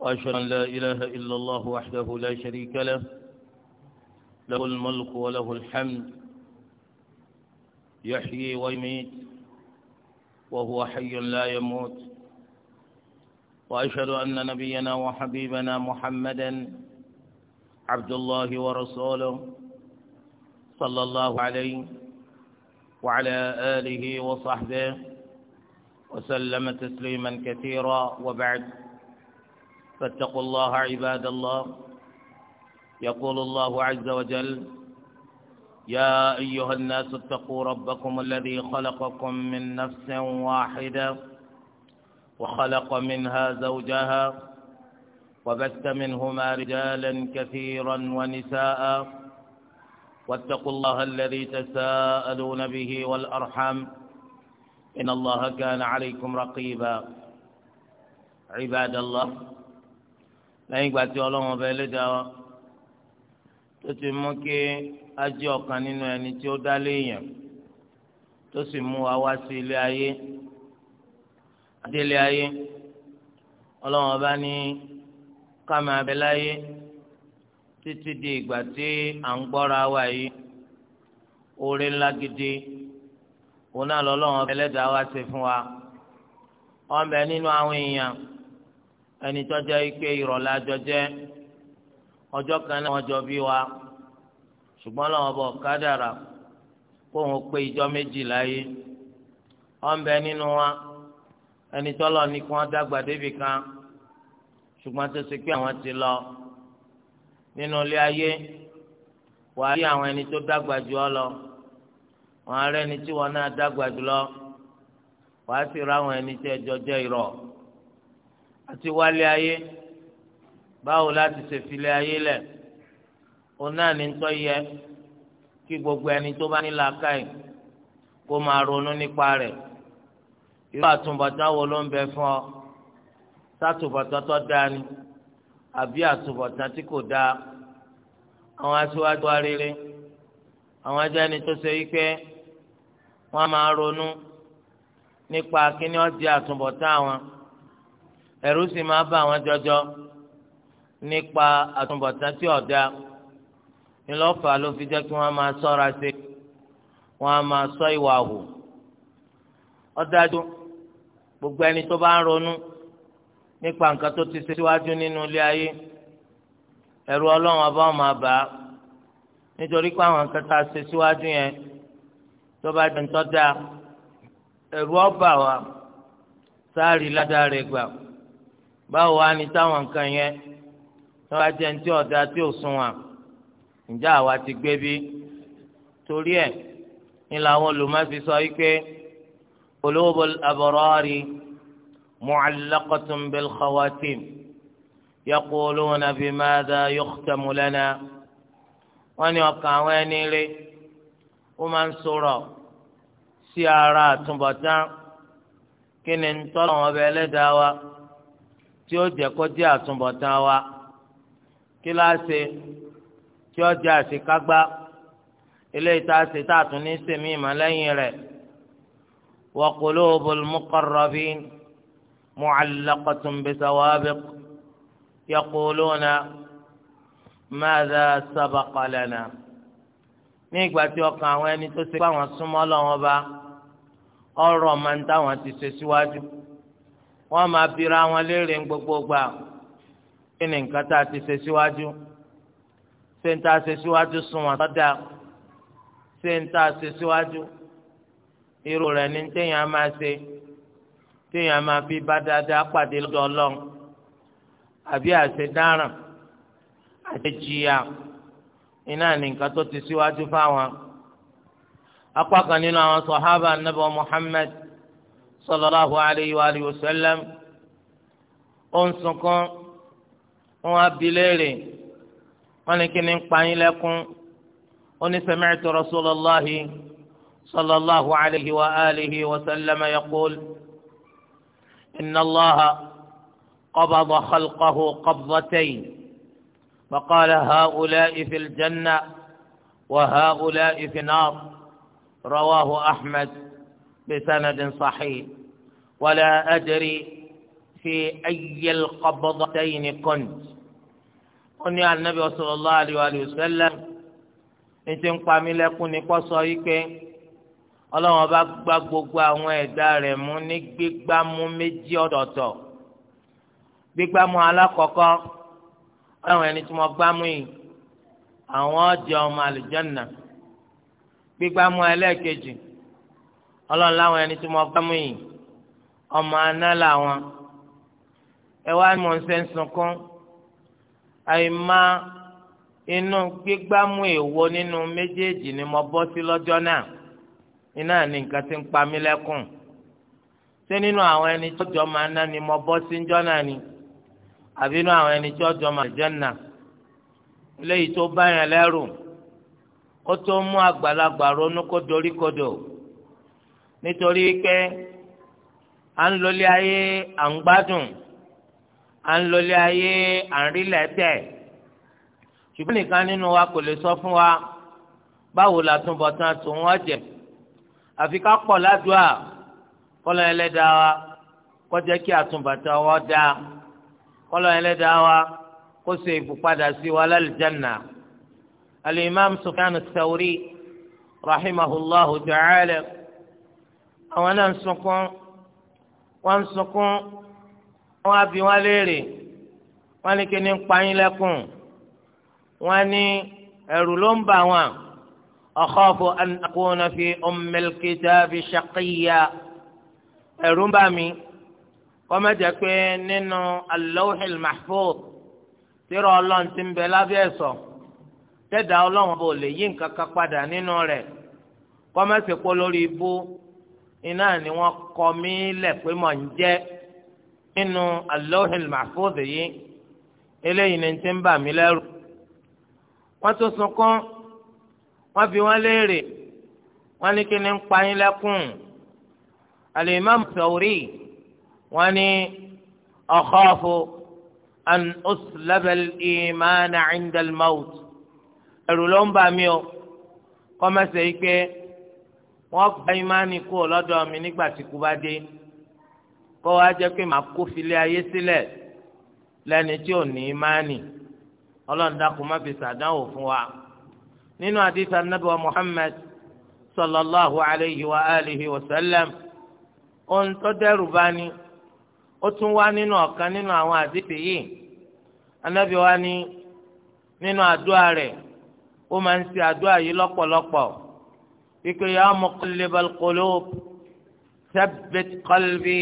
وأشهد أن لا إله إلا الله وحده لا شريك له له الملك وله الحمد يحيي ويميت وهو حي لا يموت وأشهد أن نبينا وحبيبنا محمدا عبد الله ورسوله صلى الله عليه وعلى آله وصحبه وسلم تسليما كثيرا وبعد فاتقوا الله عباد الله يقول الله عز وجل يا أيها الناس اتقوا ربكم الذي خلقكم من نفس واحدة وخلق منها زوجها وبث منهما رجالا كثيرا ونساء واتقوا الله الذي تساءلون به والأرحم إن الله كان عليكم رقيبا عباد الله lẹ́yìn ìgbà tí ọlọ́run ọba ẹlẹ́dàá wa tó ti mú kí a jẹ́ ọ̀kan nínú ẹni tí ó dá léèyàn tó sì mú wa wá sí ilé ayé adélé ayé ọlọ́run ọba ní ká máa títí di ìgbà tí à ń gbọ́ra wa yìí oore ńlá gidi òun náà lọ́lọ́run ọba ẹlẹ́dàá wa ṣe fún wa ọ̀n bẹ nínú àwọn èèyàn. ẹni tọ́jọ́ ike ìrọ̀lá jọjẹ́ ọjọ́ kan náà wọ́n jọ bí wa ṣùgbọ́n lọ́wọ́ bọ̀ kádàrà kó wọn pé ìjọ méjì láyé ọ̀n bẹ nínú wa ẹni tọ́lọ̀ ní kí wọ́n dàgbà débì kan ṣùgbọ́n tó ti lọ nínú ilé ayé wàá rí àwọn ẹni tó dàgbà jù ọ lọ wọn ará ẹni tí wọn náà dàgbà jù lọ wàá sì rí àwọn ẹni tí jẹ àti wálé ayé báwo láti ṣe filẹ̀ ayé lẹ̀ òun náà ní tọ́ yẹ kí gbogbo ẹni tó bá ní làákàyè kó máa ronú nípa rẹ̀ irú àtúbọ̀tán wo ló ń bẹ fún ọ sátúbọ̀tán tó dáa ni àbí àtúbọ̀tán tí kò dáa àwọn aṣíwájú wa rere àwọn ajá ni tó ṣe wípé wọ́n máa ronú nípa kíní ó di àtúbọ̀tán àwọn ẹ̀rù sì máa bá àwọn jọjọ nípa àtúbọ̀tán tí ọ̀dà ńlọ́fà ló fi jẹ́ kí wọ́n máa sọ́ra sí wọ́n á máa sọ ìwà hù ọ̀dájú gbogbo ẹni tó bá ń ronú nípa nǹkan tó ti ṣe síwájú nínú ilé ayé ẹ̀rù ọlọ́run ọba ọmọ àbá nítorí pé àwọn nǹkan tá a ṣe síwájú yẹn tó bá dẹ̀ ń tọ́ da ẹ̀rù ọba wa sáà rí ládàá rẹ̀ gbà báwo wá ní táwọn nǹkan yẹn tí wọ́n bá jẹ́ ní tí ọ̀dà tí ò sun wọn ǹjẹ́ àwa ti gbé bí torí ẹ̀ ní làwọn olùmọ̀fi sọ yìí pé qulubul abrari mu'allaqatun bil khawatim yaquluna bimadha yukhtamu lana wọ́n ní ọkàn àwọn ẹni rí ó máa ń sọ̀rọ̀ sí ara àtúbọ̀tán kí ni ń tọ́lọ̀ wọn bẹ ẹlẹ́dàá wa tí ó jẹ́ kó jẹ́ àtúbọ̀tán wa kí la ṣe tí ó jẹ́ àṣekágbá eléyìí tá a ṣe tá a tún ní sèmi ìmọ̀lẹ́yìn rẹ̀ wa qulubul muqarrabin mu'allaqatun bisawabiq yaquluna madha ní ìgbà tí ọkàn àwọn ẹni tó ṣe pé àwọn súnmọ́ lọ́wọ́ bá ọ̀rọ̀ máa ń táwọn ti ṣe síwájú. Si wọ́n máa bira wọn léèrè ń gbogbo gbà kí ni nǹkan a ti ṣe síwájú ṣé ń tá a ṣe síwájú sùn wọn sọ́dà ṣé ń tá a ṣe síwájú irú ní téèyàn máa ṣe téèyàn máa fi bá dáadáa pàdé lọ́dọ̀ ọlọ́run àbí àṣedáràn àṣejìyà iná ní nǹkan tó ti síwájú fáwọn apá sallallahu alayhi wa alihi wa sallam ó ń sunkún wọn á bi léèrè wọn ní kí ni ń pa yín lẹ́kún ó ní sami'tu rasulallahi sallallahu alayhi wa alihi wa sallam yaqul inna allaha qabada khalqahu qabdatayn فقال هؤلاء في الجنة وهؤلاء في النار رواه أحمد بسند صحيح ولا أدري في أي القبضتين كنت wọ́n ní anabi sallallahu alayhi wa sallam ní ti ń pa mí lẹ́kún ní kó sọ yìí pé ọlọ́run ọba gba gbogbo àwọn ẹ̀dá rẹ̀ mú ní gbígbámú méjì ọ̀tọ̀ọ̀tọ̀ gbígbámú alákọ̀ọ́kọ́ ọlọ́run ẹni tí mo gbámú yìí àwọn ọ̀jẹ̀ ọmọ àlùjànnà gbígbámú ẹlẹ́ẹ̀kejì ọlọ́run láwọn ẹni tí mo gbámú yìí ọmọ aná làwọn ẹ wá mọ̀ ṣe ń sunkún àìmá inú gbígbámú èèwọ̀ nínú méjèèjì ni mo bọ́ sí lọ́jọ́ náà iná ní nǹkan tí ń pa mí lẹ́kùn ṣé nínú àwọn ẹni tí ọjọ́ máa ná ni mo bọ́ sí ńjọ́ náà ni àbí nínú àwọn ẹni tí ọjọ́ máa jẹ́ nà léyìí tó bá yẹn lẹ́rù ó tó mú àgbàlagbà ronú kó dorí kodò nítorí pé à ń lọlé ayé à ń gbádùn à ń lọlé ayé à ń rí lẹ́tẹ̀ ṣùgbọ́n nìkan nínú wa kò lè sọ fún wa báwo la tún bọ̀ tán tó wọ́n jẹ àfi ká pọ̀ ládùúà kọ́lọ́ ẹlẹ́dàá wa kọjá kí àtúbàtà wọ́n dáa kọ́lọ́ ẹlẹ́dàá wa kó ṣe ìbùpadà sí wa lálìjáná alimami sufyan sawuri rahimahullahu ta'ala àwọn náà ń sunkún wọ́n ń sunkún wọ́n á bi wọ́n léèrè wọ́n ní kíni ń pa yín lẹ́kùn wọ́n ní ẹ̀rù ló ń bà wọ́n akhafu an akuna fi ummil kitabi shaqiyya ẹ̀rù ń bà mí kọ́má pé nínú al-lawhil mahfuz tírà ti ń bẹ lábẹ́ ẹ̀sọ́ tẹ́dà ọlọ́run bò lè yí nǹkan kan padà nínú rẹ̀ kọ́má kó lórí ibú iná ni wọ́n kọ mí lẹ̀ pé mọ̀ ń jẹ́ nínú alóhìn màfúùdì yìí eléyìí ni ti ń bà mí lẹ́rù wọ́n tún sunkún wọ́n bi wọ́n léèrè wọ́n ní kí ni ń pa yín lẹ́kùn alimami sawuri wọ́n ní ọkọọfu an uslabal imaana indal maut ló ń bà mí o kọ́mẹ́sẹ̀ yìí pé wọ́n gba ìmánì kú ọlọ́dọ̀ mi nígbà tí kú bá dé kó wá jẹ́ pé màá kó filé ayé sílẹ̀ lẹ́ni tí ò ní ìmánì ọlọ́run dákun má fi sàdánwò fún wa nínú àdìsá nàbí wa Muhammad sallallahu alayhi wa alihi wa sallam ohun tó dẹ́rù bá ní ó tún wá nínú ọ̀kan nínú àwọn àdìsí yìí anábì wa ní nínú àdúrà rẹ̀ ó máa ń ṣe àdúrà yìí lọ́pọ̀lọpọ̀ ikú ya muqallibal qulub thabbit qalbi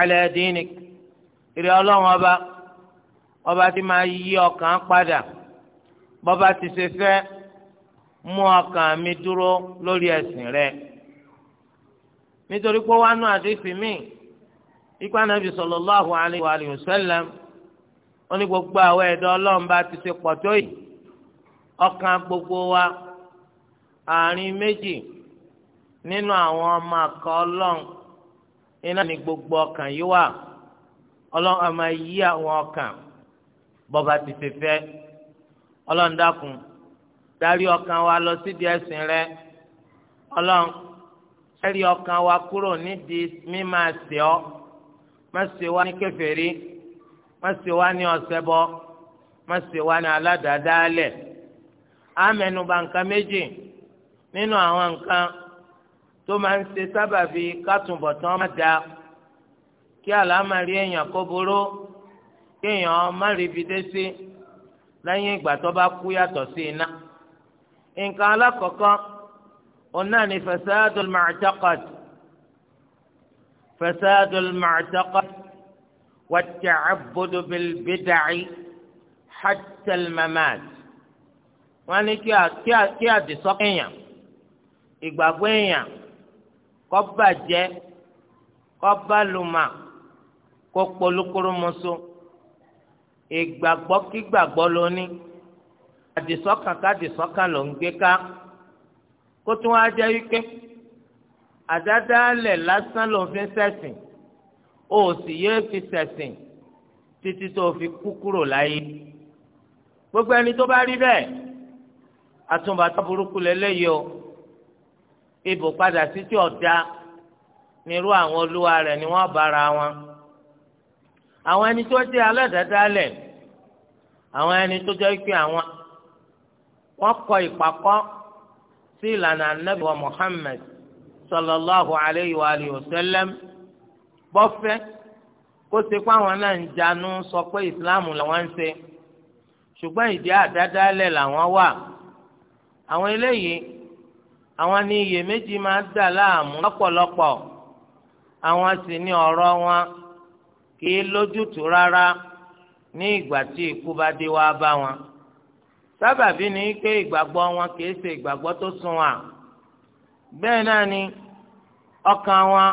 ala dinik ìrẹ́ ọlọ́run ọba ọba tí máa yí ọkàn padà bọ́ba ti ṣe fẹ́ mú ọkàn mi dúró lórí ẹ̀sìn rẹ nítorí pé wánú àdéhùn mi ikú anabi sallallahu alayhi wa sallam ó ní gbogbo àwọn ẹ̀dọ́ ọlọ́run bá ti ṣe pọ̀ tó yìí ọkàn gbogbo wa. àárín méjì nínú àwọn ọmọ àkọ ọlọ́run iná ni gbogbo ọkàn yìí wà ọlọ́run ọmọ yí àwọn ọkàn bọ́ba ti fi fẹ́ dákun darí ọkàn wa lọ sídìí ẹ̀sìn rẹ ọlọ́run ọkàn wa kúrò nídìí mímá ṣe ọ́ má wa ní kèfèrí má wa ní ọ̀ṣẹbọ má ṣe wá ní aládàádáálẹ̀ méjì. nínú àwọn nǹkan tó máa ń ṣe sábàbí kátùnbọ̀tán má da kí àlámàrí èèyàn kó burú kí èèyàn má rí ibi dé sí lẹ́yìn ìgbà tó bá kú yàtọ̀ sí iná. nǹkan alákọ̀ọ́kọ́ òun náà ni fasadul mu'taqad fasadul mu'taqad wa ta'abbudu bil bid'i al mamat wọ́n ní kí àdìsọ́kẹ́yàn ìgbàgbọ́ èèyàn kó bàjẹ́ kó bàlùmà kó polúkúrúmuṣu ìgbàgbọ́ kígbàgbọ́ lóní àdìsọ́kàn kádìsọ́kàn ló ń gbé ká kó tún wá jẹ́ wípé àdádálẹ̀ lásán ló ń fi ṣẹ̀sìn ó sì yéé fi ṣẹ̀sìn títí tó fi kú kúrò láyé gbogbo ẹni tó bá rí bẹ́ẹ̀ àtúnbàtà burúkú lélẹ́yìí o ibò padà sí tí ọ̀dà nírú àwọn olúwa rẹ̀ ni wọ́n bára wọn. àwọn ẹni tó jẹ́ aládàádálẹ̀ àwọn ẹni tó jẹ́ pé àwọn wọ́n kọ ìpàkọ́ sí ìlànà ànábì wa Muhammad sallallahu alayhi wa alihi wa sallam bọ́fẹ́ kó ṣe pé àwọn náà ń janú sọ pé ìsìláàmù làwọn ń ṣe ṣùgbọ́n ìdí àdádálẹ̀ làwọn wà àwọn eléyìí àwọn ni iyèméjì máa ń dà láàmú lọ́pọ̀lọpọ̀ àwọn sì ni ọ̀rọ̀ wọn kì í lójútùú rárá ní ìgbà tí ikú bá dé wá bá wọn sábàbí ni pé ìgbàgbọ́ wọn kì í ṣe ìgbàgbọ́ tó sunwọ̀n bẹ́ẹ̀ náà ni ọkàn wọn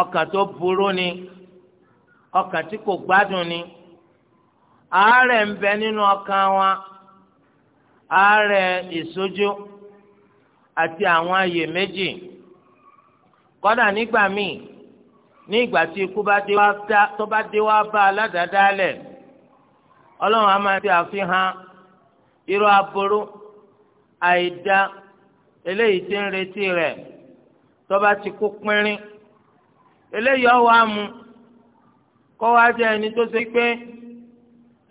ọkàn tó burú ni ọkàn tí kò gbádùn ni àárẹ̀ ń bẹ nínú ọkàn wọn àárẹ̀ ìṣojú. E àti àwọn ààyè méjì kọ́dà nígbà míì ní ìgbà tí ikú tó bá dé wá bá aládàádáálẹ̀ ọlọ́run á máa ti àfihàn irú aburú àìdá eléyìí tí ń retí rẹ̀ tó bá ti kú pínrín eléyìí ọwọ́ amú kọ́ wá jẹ́ ẹni tó ṣe pé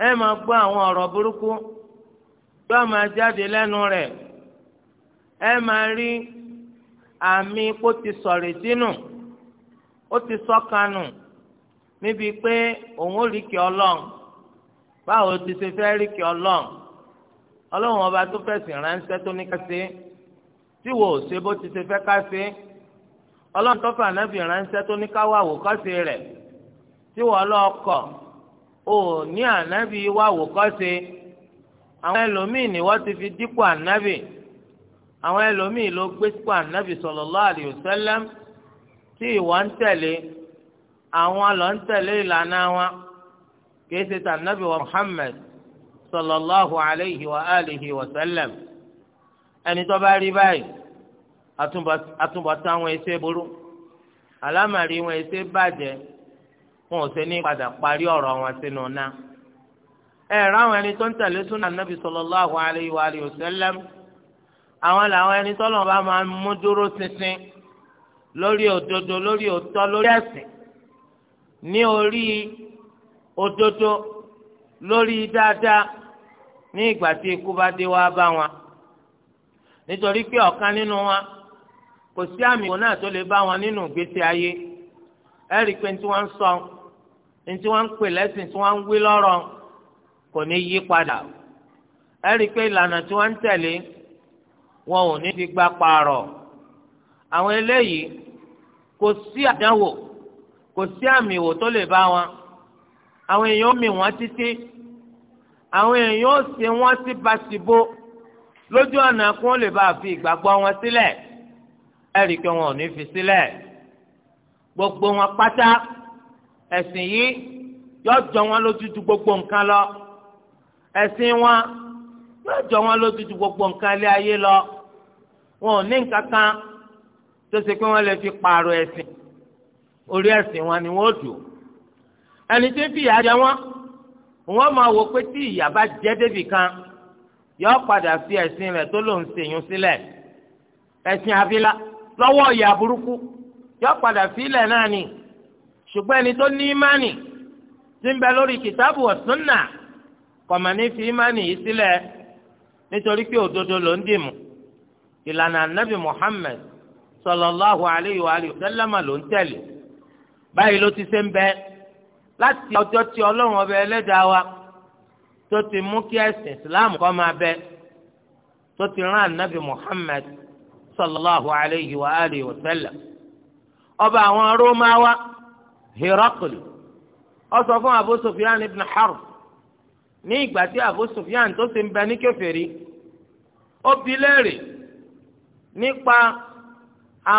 ẹ máa gbọ́ àwọn ọ̀rọ̀ burúkú yóò máa jáde lẹ́nu rẹ̀ ẹ máa rí àmì kó ti sọ̀rì sínú ó ti sọ́kanù níbi pé òun ò rí kí ọlọ́run báwo ti ṣe fẹ́ rí kí ọlọ́run ọlọ́run ọba tó fẹ̀sìn ránṣẹ́ tó ní ká ṣe tí wò ó ṣe bó ti ṣe fẹ́ ká ṣe ọlọ́run tó fà nábì ránṣẹ́ tó ní ká wà rẹ̀ tí wọ́n lọ́ọ̀kọ̀ ò ní ànábì wà wòkọ́ṣe àwọn ẹlòmíì ni wọ́n ti fi dípò ànábì àwọn ẹlòmíì ló gbé sípò ànábì sallallahu alaihi wasallam tí ìwọ ń tẹ̀lé àwọn lọ ń tẹ̀lé ìlànà wọn kìí ṣe tànábì wa Muhammad sallallahu alaihi wa alihi wasallam ẹni tó bá rí báyìí àtúbọ̀tán wọn ẹsẹ̀ burú àlámàrí wọn ẹsẹ̀ bàjẹ́ wọn ò ṣe ní padà parí ọ̀rọ̀ wọn sínú náà ẹ̀ ráwọn ẹni tó ń tẹ̀lé súnà ànábì sallallahu alaihi wa alihi wasallam. àwọn làwọn ẹni tọ́lọ̀ bá máa dúró ṣinṣin lórí òdodo lórí òtọ́ lórí ẹ̀sìn ní orí òdodo lórí dáadáa ní ìgbà tí ikú bá dé wá bá wọn nítorí pé ọ̀kan nínú wọn kò sí àmì òun náà tó lè bá sọ tí wọ́n ń pè lẹ́sìn tí wọ́n ń wí lọ́rọ̀ kò ní yí padà pé ìlànà tí wọn ò ní fi gbá paarọ̀ àwọn eléyìí kò sí àdánwò kò sí àmì ìwò tó lè bá wọn àwọn èèyàn mì wọ́n títí àwọn èèyàn ò ṣe wọ́n sí basibo lójú ọ̀nà kí wọ́n lè bá fi ìgbàgbọ́ wọn sílẹ̀ ẹ̀rí pé wọn ò ní fi sílẹ̀ gbogbo wọn pátá ẹ̀sìn yìí yóò jọ wọn lójú gbogbo nǹkan lọ ẹ̀sìn wọn yóò jọ wọn lójú gbogbo nǹkan lé ayé lọ wọn ò ní nǹkan kan tó ṣe pé wọ́n lè fi pààrọ̀ ẹ̀sìn orí ẹ̀sìn wọn ni wọ́n dùn ẹni tí ń fi ìyà jẹ wọn wọ́n máa wò pé tí ìyà bá jẹ débì kan yọ padà fi ẹ̀sìn rẹ̀ tó lòún ṣèyún sílẹ̀ ẹ̀sìn àfilà lọ́wọ́ ìyà burúkú yọ padà sílẹ̀ náà ni ṣùgbọ́n ẹni tó ní ìmánì tí ń bẹ lórí kìtàbù wa sunna fi ìmánì yìí sílẹ̀ nítorí pé òdodo ló ń dì mú ìlànà anabi muhammed sallallahu alayhi wa alihi sallama ló ń tẹ̀lé báyìí ló ti ṣe ń bẹ láti ọjọ́ tí ọlọ́run ọba ẹlẹ́dàá wa tó ti mú kí ẹ̀sìn islam kó máa bẹ tó ti rán anabi muhammed sallallahu alayhi wa alihi wa sallam ọba àwọn rómawa hirakul ó sọ fún abu sufyan ibn harb ní ìgbà tí abu sufyan tó ti ń bẹ ní kèfèrí ó bi léèrè. nípa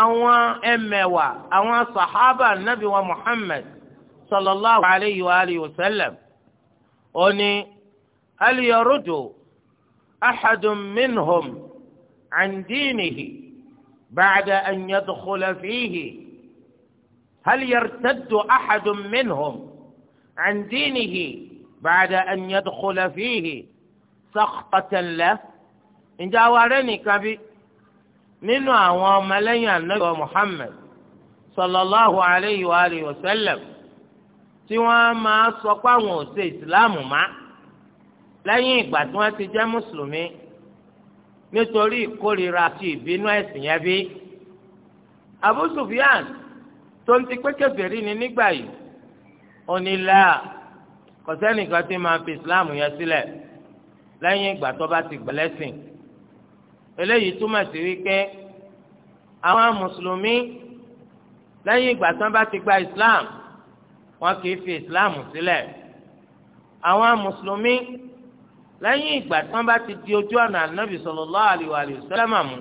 àwọn ẹmẹ̀wà àwọn sàhábà nàbí wa muhammed sallallahu alayhi wa alayhi wa sallam ó ní aliyarudu axadun minhum candinihi bacda an yadkhula fihi hal yartaddu axadun minhum can diinihi bacda an yadkhula fiihi sakhatan lah ǹjẹ́ àwa rẹ̀ nìkan nínú àwọn ọmọlẹ́yìn anabi Muhammad sallallahu alayhi wa alayhi wa sallam tí wọ́n máa sọ pé àwọn ò ṣe ìsìláàmù má lẹ́yìn ìgbà tí wọ́n ti jẹ́ mùsùlùmí nítorí ìkórira àti ìbínú ẹ̀sìn yẹn bí. Abu Sufyan tó ń ti pé kèfèrí ni nígbà yìí onílà kò sẹ́nìkan máa fi ìsìláàmù yẹn sílẹ̀ lẹ́yìn ìgbà tó bá ti gbẹ̀lẹ́sìn eléyìí túmọ̀ sí wípé àwọn mùsùlùmí lẹ́yìn ìgbà tí wọ́n bá ti gba islam wọn kì í fi islam sílẹ̀ àwọn mùsùlùmí lẹ́yìn ìgbà tí wọ́n bá ti di ojú ọ̀nà ànábì sallallahu alaihi wa sallam mú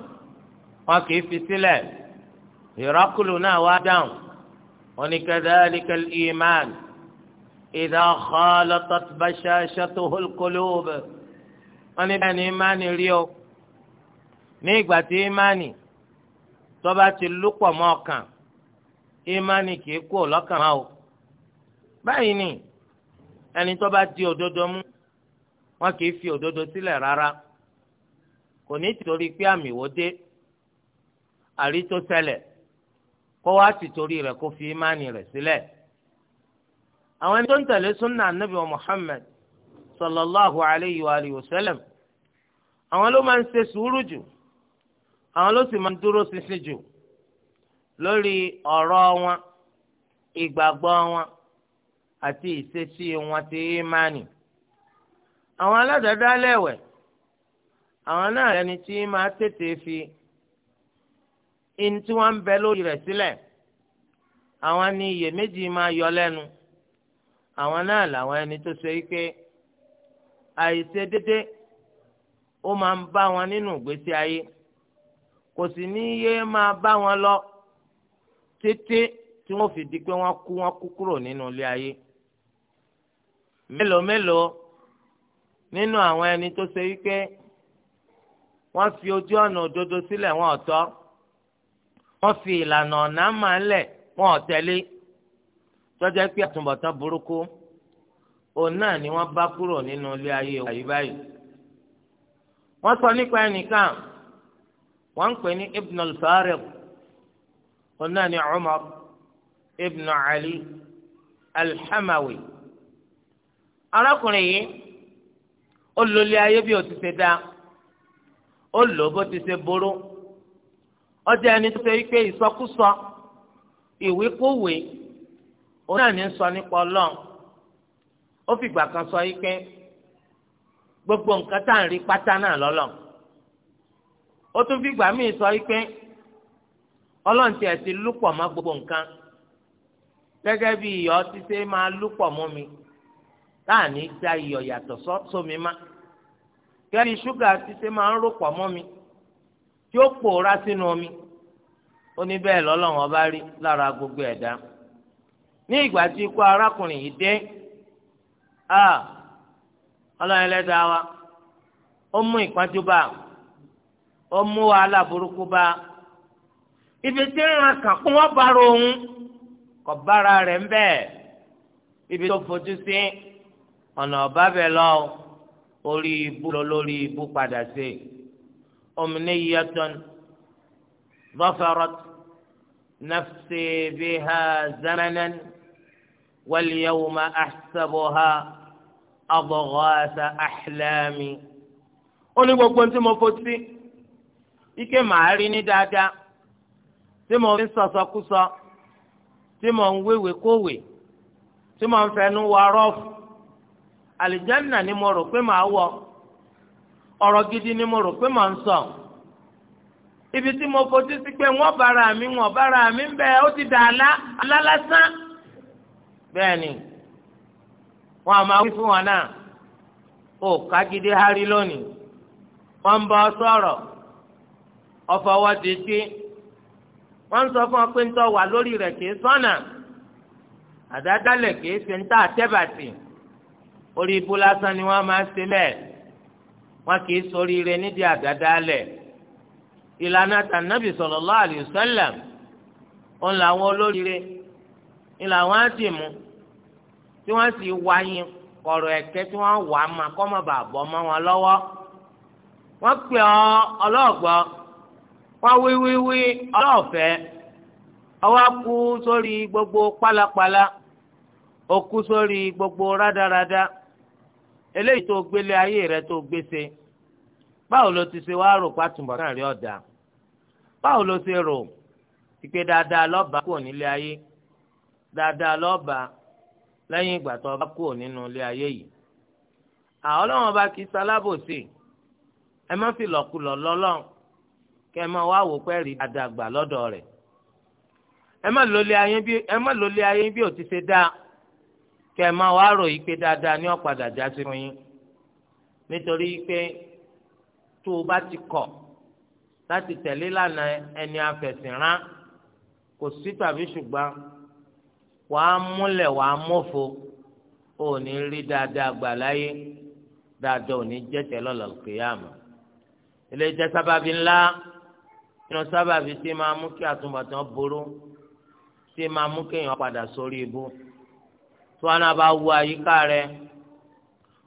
wọn kì í fi sílẹ̀ ìrọ́kùlù náà wá dáhùn wọn ni kadhalika al-iman idha khalatat bashashatuhu al wọn ni bẹ́ẹ̀ ni imáni rí o. ní ìgbà tí imani tó ti lúpọ̀ mọ́ ọkàn imani kìí kú lọ́kàn máa o báyìí ni ẹni tó di òdodo mú wọn kìí fi òdodo sílẹ̀ rárá kò ní torí pé àmì wò dé àrí tó ṣẹlẹ̀ kó wá sì torí rẹ̀ kó fi imani rẹ̀ sílẹ̀ àwọn ẹni tó ń tẹ̀lé sunna anabi wa Muhammad sallallahu alayhi wa sallam àwọn ló máa ń ṣe sùúrù jù. àwọn ló sì máa ń dúró ṣinṣin jù lórí ọ̀rọ̀ wọn ìgbàgbọ́ wọn àti ìṣesí wọn ti ìmánì àwọn aládàáda lẹ́wẹ̀ àwọn náà ẹni tí máa tètè fi ẹni tí wọ́n ń bẹ lórí rẹ̀ sílẹ̀ àwọn ni iyèméjì máa yọ lẹ́nu àwọn náà làwọn ẹni tó ṣe wípé àìṣedédé ó máa ń bá wọn nínú ìgbésí ayé kò sì ní yé máa bá wọn lọ títí tí wọ́n fi di pé wọ́n kú wọ́n kú kúrò nínú ilé ayé mélòó mélòó nínú àwọn ẹni tó ṣe wípé wọ́n fi ojú ọ̀nà òdodo sílẹ̀ wọn ọ̀tọ̀ wọ́n fi ìlànà ọ̀nà máa ń lẹ̀ wọn ọ̀tẹ̀lé tọ́jà pé àtúbọ̀tán burúkú òun náà ni wọ́n bá kúrò nínú ilé ayé wàyí báyìí wọ́n sọ nípa ẹnìkan wọ́n ń pè ní ibn al-Fariq òun náà ní Umar ibn Ali al-Hamawi arákùnrin yìí ó lólé ayé bí ó ti ṣe dáa ó lò bó ti ṣe boró ọjà ẹni tó ṣe wípé ìsọkúsọ ìwékúwé òun náà sọ nípa Ọlọ́run ó fìgbà kan sọ wípé gbogbo nǹkan tá à ń rí pátá náà lọ́lọ́run ó tún fi gbà sọ wípé ọlọ́run tiẹ̀ ti lúpọ̀ mọ́ gbogbo nǹkan gẹ́gẹ́ bí iyọ̀ ti máa lúpọ̀ mọ́ mi láàní da iyọ̀ yàtọ̀ sómi má gẹ́gẹ́ bí ṣúgà ti máa ń ròpọ̀ mọ́ mi tí ó pòórá sínú omi ó ní bẹ́ẹ̀ lọ́lọ́run ọba rí lára gbogbo ẹ̀dá ní ìgbà tí ah, wa ó mú ìpájú ó mú wàhálà burúkú bá ibi tí ń ra kàn kún wọn bára òun kò bára rẹ̀ ń bẹ̀ ibi tó fojú sí ọ̀nà ọ̀bá bẹ̀ lọ orí ibú lọ lórí ibú padà sí omniyatun zafarat nafsi biha zamanan wal yawma ahsabuha adghasa ahlami ó ní gbogbo ohun mo fojú sí. ike màá rí ní dáadáa tí mo fi ń sọsọkúsọ tí mo ń wéwèé kówè tí mo ń fẹnu wọ rọfù àlìjánà ni mo rò pé màá wọ ọ̀rọ̀ gidi ni mo rò pé màá ń sọ ibi tí mo fojú sí pé ami bára mi ami bára mi ń bẹ ó ti dà alá alá lásán bẹ́ẹ̀ ni wọn a máa wí fún wọn náà ó kágídé hárí lónìí wọ́n ń bọ́ sọ̀rọ̀. ọ̀fọwọ́dìtì wọ́n sọ fún ọ pé ń tọ́ wà lórí rẹ̀ kìí sọ́nà àdádálẹ̀ kìí ṣe ń tà àtẹ́bàtì orí ibú lásán ni wọ́n máa ń ṣe lẹ̀ wọ́n kìí sórí rẹ̀ nídìí àdádálẹ̀ ìlànà tànàbì sallallahu alayhi wa sallam òun làwọn olóríire ni làwọn á sì mú tí wọ́n sì wáyé kọ̀rọ̀ ẹ̀kẹ́ tí wọ́n wà á máa kọ́ mọ́ bàbọ̀ mọ́ wọn lọ́wọ́ wọ́n pè ọ́ ọlọ́ọ̀gbọ́n wọ́n wíwíwí ọlọ́ọ̀fẹ́ ọwọ́ kú sórí gbogbo pálapàla ó kú sórí gbogbo rádaràda eléyìí tó gbélé ayé rẹ tó gbèsè báwo ló ti ṣe wá rò pátùmọ̀ náà rí ọ̀dà báwo ló ṣe rò ìpè dáadáa lọ́ba kúrò nílé ayé dáadáa lọ́ba lẹ́yìn ìgbà tó bá kúrò nínú ilé ayé yìí àwọn ọlọ́wọ́n bá kí sálábòsì ẹ má fi lọ́kùlọ̀ lọ́lọ́run kẹ́ ẹ máa wá wò pé rí àdàgbà lọ́dọ̀ rẹ̀ ẹ má lólé ayé bí ẹ má lólé ayé bí ò ti ṣe dáa kẹ́ ẹ máa wá rò yìí pé dáadáa ní ọ̀padà já sí fún yín nítorí pé tó o bá ti kọ̀ láti tẹ̀lé lànà ẹni afẹ̀sìnrán kò sí tàbí ṣùgbọ́n wàá múlẹ̀ wàá mọ́fo ò ní rí dáadáa gbà láyé dáadáa ò ní jẹ́ tẹ́lọ̀ lọ́kìyàmù ilé jẹ́ sábàbí ńlá nínú sábàbí tí máa mú kí àtúbọ̀tán burú tí máa mú kéèyàn padà sórí ibú tí wọn náà bá wo àyíká rẹ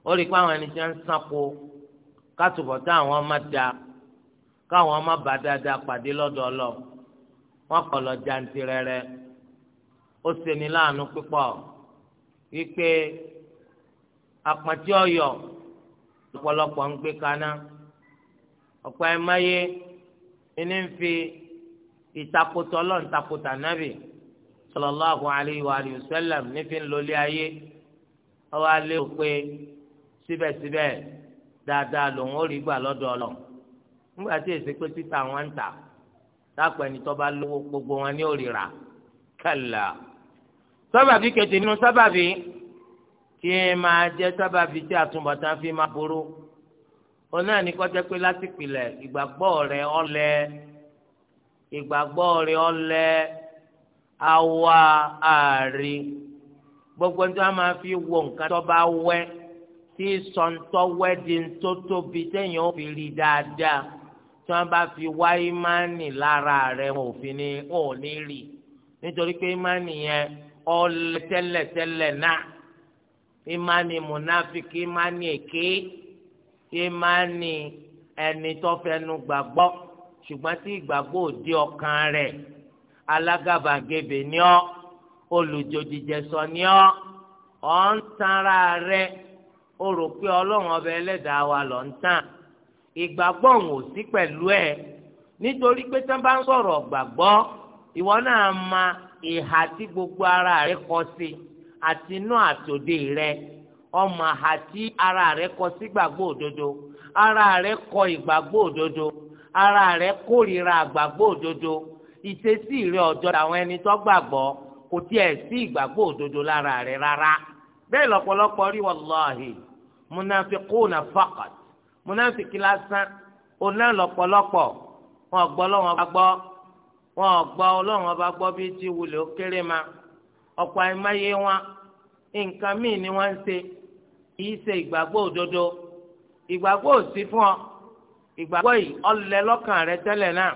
ó rí i pé àwọn ẹni tí wọn ń sanko kátùbọ̀tán àwọn má da káwọn má bá dáadáa pàdé lọ́dọ̀ lọ wọn kọ̀ lọ jantirẹrẹ ó ṣeni láàánú pípọ̀ wípé àpàtì ọ̀yọ́ ọ̀pọ̀lọpọ̀ ń gbé kaná ọ̀pọ̀ ẹ̀ máyé ẹni ń fi ìtakùtọ̀ ọlọ́run takùtà nábì sallallahu alayhi wa alihi wa sallam nífi ń lọlé ayé ọwọ́ alẹ́ ò pé síbẹ̀síbẹ̀ dáadáa lòun ó rí gbà lọ́dọ̀ ọlọ́ nígbà tí èsì pé títà wọn ń tà dápẹ́ ẹni tó bá lówó gbogbo wọn ní òrìrà kàlà sábàbí kejì nínú sábàbí kí ẹ máa jẹ sábàbí tí àtúbọ̀tán fi máa burú. Ona ni ní kọjá pé láti pilẹ̀ ìgbàgbọ́ rẹ̀ ọlẹ̀ ìgbàgbọ́ rẹ̀ ọlẹ̀ awa ààrí gbogbo ní wọn máa fi wo nǹkan tó bá wẹ́ tí sọ̀ńtọ́ wẹ́ di tó tóbi téèyàn ó fi rí dáadáa tí wọn bá fi wá ìmánì lára rẹ̀ wọn ò fi ní rí nítorí pé ìmánì yẹn ọlẹ̀ tẹ́lẹ̀tẹ́lẹ̀ náà ìmánì mùnáfíkì ìmánì èké ìmánì ẹni tó fẹnu gbàgbọ́ ṣùgbọ́n tí ìgbàgbọ́ òdi ọkàn rẹ̀ alágàbàgebè ni ọ́ olùjòjìjẹsọ ni ọ́ ọ̀ ń tanra rẹ̀ ó rò pé ọlọ́run ọba ẹlẹ́dàá wa lọ ń tàn ìgbàgbọ́ òun ò sí pẹ̀lú ẹ̀ nítorí pé tán bá ń sọ̀rọ̀ gbàgbọ́ ìwọ náà ma ìhà tí gbogbo ara rẹ̀ kọ sí àtinú àtòdè rẹ̀ ọmọ àti ara rẹ̀ kọ sígbàgbọ́ òdodo ara rẹ̀ kọ ìgbàgbọ́ òdodo ara rẹ̀ kórìíra àgbàgbọ́ òdodo ìṣesí rẹ̀ ọjọ àwọn ẹni tó gbàgbọ́ kò tiẹ̀ sí ìgbàgbọ́ òdodo lára rẹ̀ rárá bẹ́ẹ̀ lọpọlọpọ rí wàláhì munafikuna faqat munafiki lásán oná lọ́pọ̀lọpọ̀ wọn gbọ́ lọ́wọ́n bá gbọ́ wọn gbọ́ lọ́wọ́n bá gbọ́ bí ti wulẹ̀ ó kéré ma ọ̀pọ̀ àìmáyé wọn nǹkan míì ni wọ́n ń ṣe kìí ṣe ìgbàgbọ́ òdodo ìgbàgbọ́ òsì fún ọ ìgbàgbọ́ yìí ọlẹ lọ́kàn rẹ tẹ́lẹ̀ náà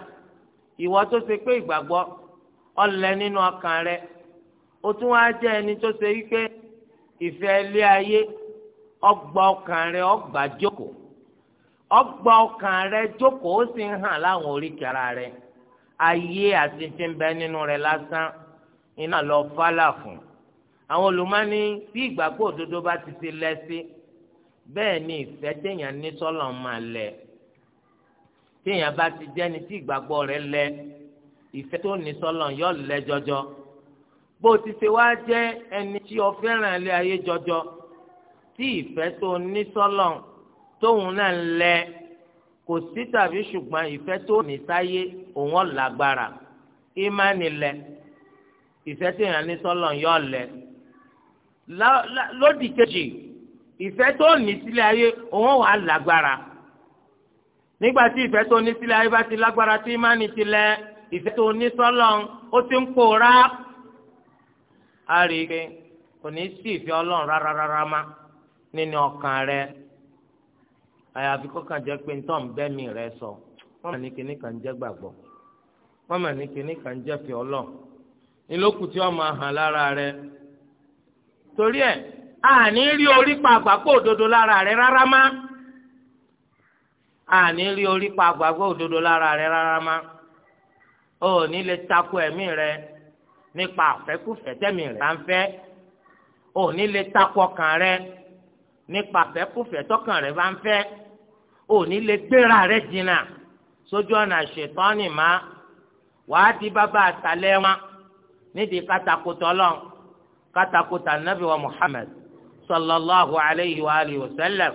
ìwọ tó ṣe pé ìgbàgbọ́ ọlẹ nínú ọkàn rẹ o tún wá jẹ́ ẹni tó ṣe wípé ìfẹ́ ilé ayé ọgbà ọkàn rẹ ọgbà jókòó ọgbà ọkàn rẹ jókòó ó sì ń hàn láwọn oríkèéra rẹ ayé àti ti ń bẹ nínú rẹ lásán iná lọ fálà fún àwọn olùmọ́ni bí ìgbàgbọ́ òdodo bá ti ti lẹ sí bẹ́ẹ̀ ni ìfẹ́ téèyàn ní sọ́lọ̀ máa lẹ̀ téèyàn bá ti jẹ́ni tí ìgbàgbọ́ rẹ̀ lẹ ìfẹ́ tó ní sọ́lọ̀ yọ lẹ jọjọ bó ti ṣe wá jẹ́ ẹni tí o fẹ́ràn ilé ayé jọjọ tí ìfẹ́ tó ní sọ́lọ̀ tóun náà lẹ kò sí tàbí ṣùgbọ́n ìfẹ́ tó ní sáyé òun ọ̀ lágbára ìfẹ́ téèyàn ní sọ́lọ̀ yọ lẹ. lódì kejì ìfẹ́ tó ní sílé ayé òun wà lágbára nígbà tí ìfẹ́ tó ní sílé ti lágbára tí ìmánì ti ìfẹ́ tó ní ó ti ń pòórá a rí i pé kò ní sí ìfẹ́ ọlọ́run rárá rárá má nínú ọkàn rẹ àyàfi kọ́kàn jẹ́ pé ntọ́ ń bẹ́ mi rẹ sọ wọ́n mà ní kíní kan jẹ́ gbàgbọ́ wọ́n mà ní kíní kan jẹ́ fi torí ẹ̀ ní rí orí pa àgbàgbọ́ òdodo lára rẹ rárá má àní rí orí pa àgbàgbọ́ òdodo lára rẹ rárá má o ní lè takò ẹ̀mí rẹ nípa àfẹ́kùfẹ́ tẹ̀mí rẹ ń fẹ́ o ní lè takò ọkàn rẹ nípa àfẹ́kùfẹ́ tọkàn rẹ bá ń fẹ́ o ní lè gbéra rẹ jìnnà sójú ọ̀nà ṣètọ́nì má wàá di bàbá àtàlẹ́ wọn nídìí kátàkùtọ̀ lọ́n kátàkùtà nàbì wa Muhammad sallallahu alayhi wa alihi wa sallam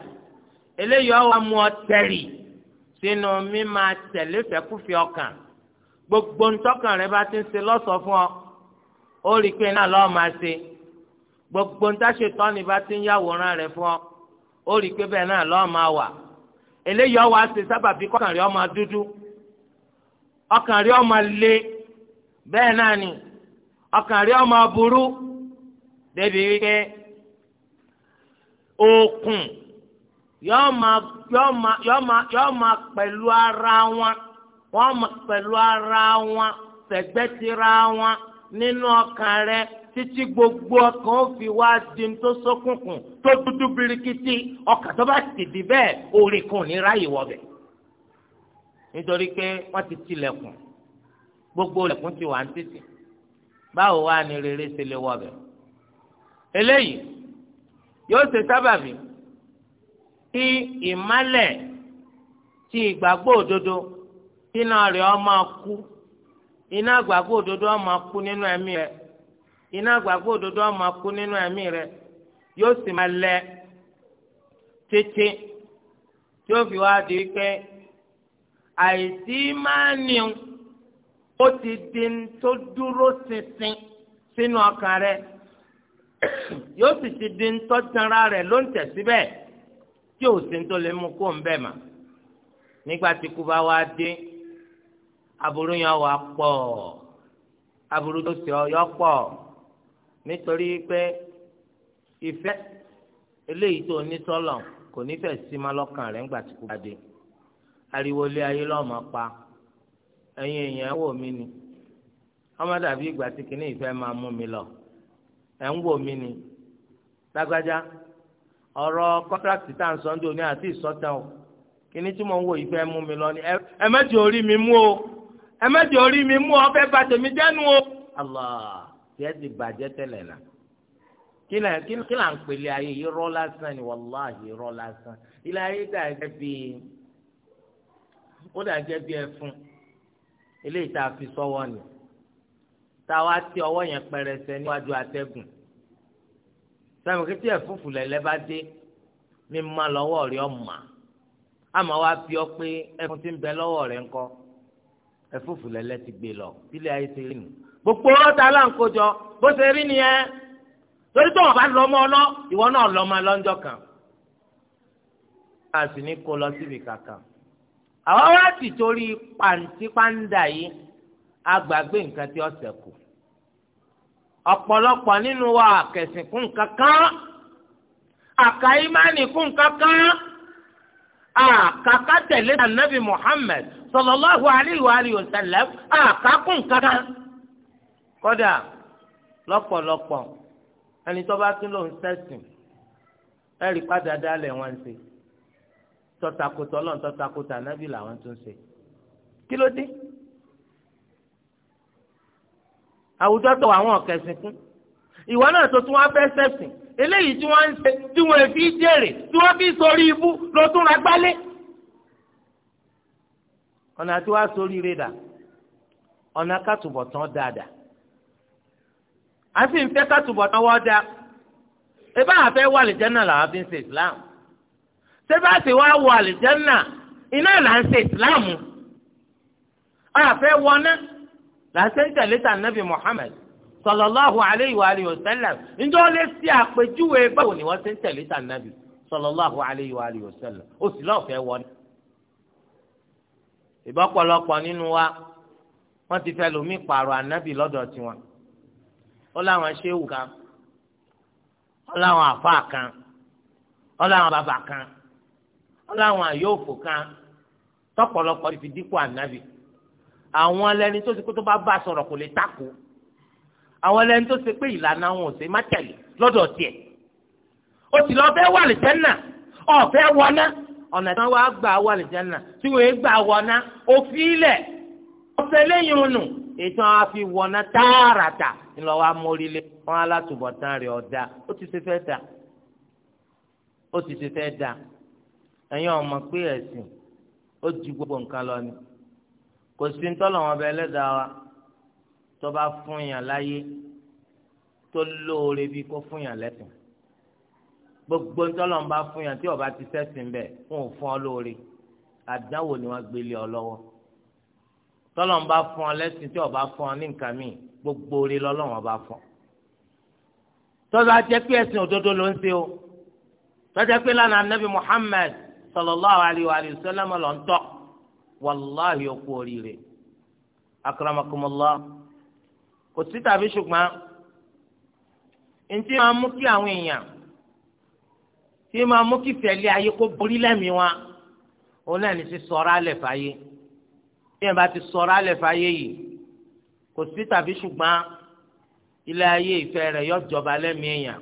eléyìí ọwọ́ amú ọ tẹ̀lé sínú mímá tẹ̀lé fẹ́kúfẹ́ ọkàn gbogbo ntọ́kàn rẹ bá ti ń ṣe lọ́sọ̀ fún ọ ó rí i pé náà lọ́ọ́ máa ṣe gbogbo ntàṣetọ́ ni bá ti ń yàwòrán rẹ fún ọ ó rí i pé bẹ́ẹ̀ náà lọ́ọ́ máa wà eléyìí ọwọ́ àṣẹ sábàbí kọ́kàn rẹ ọmọ dúdú ọkàn rẹ ọmọ le bẹ́ẹ̀ náà ni ọkàn rẹ ọmọ burú débi wípé okùn yọọ máa yọọ máa yọọ máa yọọ máa pẹ̀lú ara wọn wọ́n máa pẹ̀lú ara wọn fẹ̀gbẹ́tira wọn nínú ọkàn rẹ títí gbogbo ọkàn ó fi wá di tó ṣókùnkùn tó dúdú birikiti ọkàn tó bá sì di bẹ́ẹ̀ orí kan ní ráyè wọbẹ̀ nítorí pé wọ́n ti tilẹ̀kùn gbogbo ilẹ̀kùn ti wà ní títì báwo wá ní rere ṣe lè wọbẹ̀. eléyìí yóò ṣe sábàbí tí ìmálẹ̀ ti ìgbàgbọ́ òdodo iná rẹ̀ ó kú iná ìgbàgbọ́ òdodo nínú ẹ̀mí rẹ̀ iná ìgbàgbọ́ òdodo nínú ẹ̀mí rẹ̀ yóò sì máa lẹ títí tí ó fi wá di pé àìsí máa ó ti di tó dúró ṣinṣin sínú ọkàn rẹ̀. yóò sì ti di ńtọ́jára rẹ̀ ló ń tẹ̀síbẹ̀ tí ò sí tó lè mú kó ń bẹ̀ mà nígbà tí kú bá wá dé aburú yẹn wà pọ̀ aburú tó sì yọ pọ̀ nítorí pé ìfẹ́ eléyìí tó ní sọ́lọ̀ kò nífẹ̀ẹ́ sí ma lọ́kàn rẹ̀ nígbà tí kú bá dé ariwo ilé ayé lọ́mọ pa ẹ̀yin èèyàn wò mí ni ọmọ ìgbà tí kìnnìún máa mú mi lọ ẹ̀ ń wò mí ni lágbájá ọ̀rọ̀ kọ́ńtrákì tá à ń sọ ní òní àti ìsọ̀tàn o kíní tí mò ń wò yìí fẹ́ mú mi lọ ni ẹ mẹ́jọ orí mi mú o ẹ mẹ́jọ orí mi mú o ọbẹ̀ bá tèmi dẹ́nu o. Allah tí ẹ ti bàjẹ́ tẹ́lẹ̀ náà kí là ń pèlè ayé irọ́ lásán ni wàláhì irọ́ lásán ilé ayé dà gẹ́gẹ́ bí ó dà gẹ́gẹ́ bí ẹfun eléyìí tá a fi sọ́wọ́ ni táwa ti ọwọ́ yẹn pẹrẹsẹ níwájú atẹ́gùn sẹ́mi kí tí ẹ̀fúfù lẹ̀lẹ́ bá dé mi má lọ́wọ́ rẹ ọ̀mà àmọ́ wá bí ọ pé ẹfun ti ń bẹ lọ́wọ́ rẹ ńkọ́ ẹ̀fúfù lẹ̀lẹ́ ti gbé lọ sílẹ̀ ayé ti rí nù gbogbo ọ̀tá aláǹkójọ bó ṣe rí nìyẹn torí tó wọn bá lọ́mọ ọlọ́ ìwọ náà lọ́mọ lọ́njọ́ kan a ní kó lọ síbi kankan àwọn wá ti torí pàǹtípàǹdà yìí agbàgbé nǹkan tí ọ̀sẹ̀ kù ọ̀pọ̀lọpọ̀ nínú wa àkẹ̀sìn kún kankan àkàìmánì kún kankan àkàkà tẹ̀lé ànábì Muhammad sallallahu alayhi wa alihi wa sallam àkàkùn kankan kódà lọ́pọ̀lọpọ̀ ẹni tó bá tún lòún sẹ́sìn ẹ̀rí padà dálẹ̀ wọn ṣe tọ́takùtà ọlọ́run tọ́takùtà ànábì làwọn tún ṣe kí ló dé. àwùjọ tó àwọn ọ̀kẹ́sìn kún ìwọ náà tó tún wá fẹ́ sẹ́sìn eléyìí tí wọ́n ń ṣe tí wọ́n fi jèrè tí wọ́n fi sórí ibú ló tún ra gbálẹ̀ ọ̀nà tí wàá sórí rẹ̀ dà ọ̀nà kàtúbọ̀tán dáadáa a sì ń fẹ́ kàtúbọ̀tán wọ́n dáa ebe a fẹ́ wọ alìjẹ́nà làwọn fi ń ṣe islam ṣé bá ti wá wọ alìjẹ́nà iná là ń ṣe islam a fẹ́ wọ náà làṣẹ tẹ̀lé tà nàbì Muhammad sallallahu alayhi wa alihi wa sallam njọ́ lè ṣe àpèjúwe báwo ni wọ́n ṣe ń tẹ̀lé tà nàbì sallallahu alayhi wa alihi wa sallam ó sì lọ́ọ̀fẹ́ wọ́n. ìbọ́pọ̀lọpọ̀ nínú wa wọ́n ti fẹ́ lomi pààrọ̀ ànábì lọ́dọ̀ tiwọn ó láwọn ṣéwù kan ó láwọn àfa kan ó láwọn bàbá kan ó láwọn àyóòfò kan tọ́pọ̀lọpọ̀ ti fi dípò ànábì àwọn ẹlẹ́ni tó ṣe pé tó bá bá sọ̀rọ̀ kò lè takò àwọn ẹlẹ́ni tó ṣe pé ìlànà wọn ò ṣe má tẹ̀lé lọ́dọ̀ tiẹ̀ ó sì lọ fẹ́ wà lìjẹ́nà ọ̀fẹ́ wọná ọ̀nà tí wọ́n gbà wà lìjẹ́nà tí wọ́n gbà wọná òfin ilẹ̀ lẹ́yìn ònù ètò àwọn afi wọná tààràtà ńlọ wa mórílé wọn alátùbọ̀tán rẹ̀ ọ̀dà ó ti ṣe fẹ́ dà ó ti ṣe fẹ́ dà ẹ̀yin ọmọ kò sí ń tọ́lọ̀ wọn bẹ ẹlẹ́dàá wa tó bá fún yàn láyé tó lóore bí kó fún yàn lẹ́sìn gbogbo ń tọ́lọ̀ ń bá fún yàn tí ọba ti sẹ́sìn bẹ̀ fún òfún ọ lóore àdánwò ni wọ́n gbélé ọ lọ́wọ́ tọ́lọ̀ ń bá fún ọ lẹ́sìn tí ọba fún ọ ní nǹkan míì gbogbo oore lọ́lọ́wọ́n bá fún ọ tọ́lọ́ ajẹ́ pé ẹ̀sìn òdodo ló ń ṣe o tọ́jà pé lánàá nabi Muhammad sallallahu alayhi wa sallam wàláhì ó kú oríire akramakumullah kò sí tàbí ṣùgbọ́n ntí máa mú kí àwọn èèyàn tí máa mú kí tẹ̀lé ayé kó borí lẹ́mìí wọn òun náà ní ti sọ̀rọ̀ alẹ́ fàyè bí ẹ̀ bá ti sọ̀rọ̀ alẹ́ fàyè yìí kò sí tàbí ṣùgbọ́n ilé ayé ìfẹ́ rẹ̀ yọ jọba lẹ́mìí èèyàn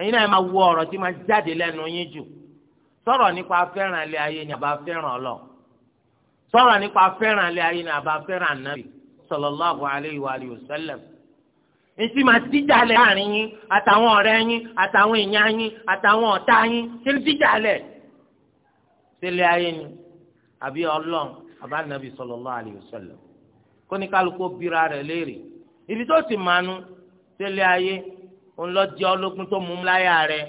ẹ̀yin náà máa wo ọ̀rọ̀ tí máa jáde lẹ́nu yín jù sọ̀rọ̀ nípa fẹ́ràn ilé ayé ni àbá fẹ́ràn ọlọ́ọ̀ sọ̀rọ̀ nípa fẹ́ràn alẹ́ ayé ni àbá fẹ́ràn ànábì sallallahu alayhi wa alihi wa sallam èsì máa díjà lẹ̀ láàrin yín àtàwọn ọ̀rẹ́ yín àtàwọn èèyàn yín àtàwọn ọ̀tá yín ṣé ń díjà lẹ̀ sílẹ̀ ayé ni àbí ọlọ́run àbá ànábì sallallahu alayhi wa sallam kóníkálukú bíra rẹ̀ léèrè ibi tó ti máa nu sílẹ̀ ayé ńlọ́jẹ́ ológun tó mú láyà rẹ̀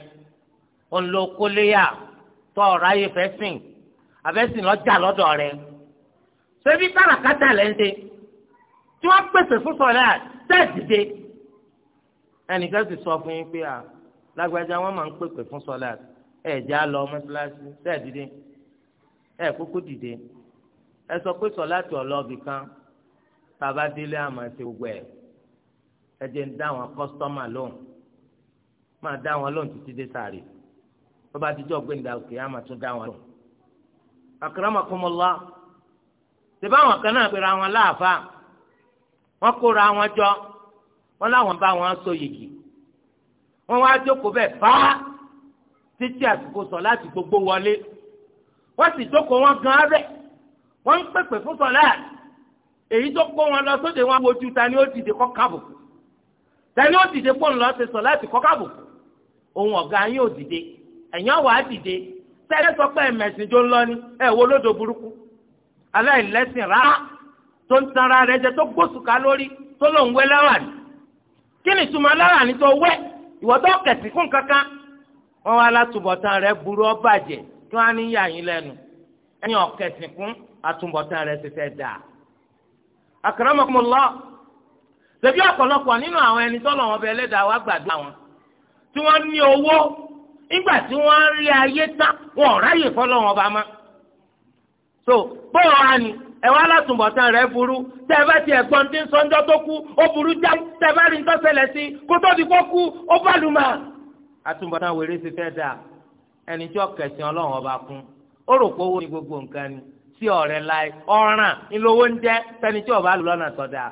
ńlọ́kóléyà ṣebí káràkátà lẹ́ ń ṣe tí wọ́n pèsè fún sọ̀rọ̀ à tẹ́ẹ̀tì ṣe. ẹnìkan sì sọ fún yín pé à lágbájá wọn máa ń pèpè fún sọ̀rọ̀ à ẹ̀ já lọ mọ́ṣáláṣí tẹ́ẹ̀tì dé ẹ̀ kúkú dìde ẹ sọ pé sọ̀rọ̀ àti ọlọ́ọ̀bì kan bàbá délé àmọ́ ṣe gbogbo ẹ̀ ẹ jẹ́ ń dá àwọn kọ́sítọ́mà lóhùn máa dá àwọn lóhùn títí dé sàárè bàbá àtijọ́ gbẹ̀ǹdà òkè àmọ́ tún dá àwọn lóhùn. àkàràmọ̀kọ́mọlá ṣèbá àwọn kan náà pera wọn láàfa wọn kóra wọn jọ wọn láwọn bá wọn so yìgì wọn wá jókòó bẹ́ẹ̀ bá títí àsìkò sọ láti gbogbo wọlé wọn sì jókòó wọn gan rẹ wọn ń pèpè fún sọlá èyí tó kó wọn lọ sóde wọn wojú ta ni ó dìde kọ kábùkù ta ni ó dìde kó ń lọ ṣe sọ láti kọ kábùkù òun ọ̀gá yín ò dìde ẹ̀yìn ọ̀wà á dìde sẹ́yìn sọ pé ẹ̀mẹ̀sìn jó ni ẹ̀ wo lódò burúkú aláìlẹ́sìn rárá tó ń tanra rẹ̀ jẹ tó gbósùká lórí tó ló ń wẹ́ lára ni kí ni ìtumọ̀ lára ni tó kẹ̀sì kankan wọn wá látúbọ̀tán rẹ̀ burú ó bàjẹ́ kí wọ́n yín lẹ́nu ẹ̀yin ọ̀kẹ̀sì fún àtúbọ̀tán ti fẹ́ dà akramakumullah ṣebí ọ̀pọ̀lọpọ̀ nínú àwọn ẹni tọ́lọ̀ wọn bẹ ẹlẹ́dàá wa gbàdúrà wọn tí wọ́n ní owó nígbà tí wọ́n rí ayé tán wọn ò so bóyá wa ni ẹ wá látúbọ̀tán rẹ̀ burú tẹ́ ẹ bá tiẹ̀ gbọ́n tí ń sọ́njọ́ tó kú ó burú já tẹ́ ẹ bá rí nǹkan sí kó tó di kó kú ó bá lù mà. àtúbọ̀tán wèrè ti fẹ́ dà ẹni tí ọ̀kẹ̀sìn ọlọ́run ọba kún ó rò pé owó ni gbogbo nǹkan ni sí ọ̀rẹ́ láì ọ̀ràn ńlọ́wọ́ ń jẹ́ sẹ́ni tí ọba lù lọ́nà tọ́da.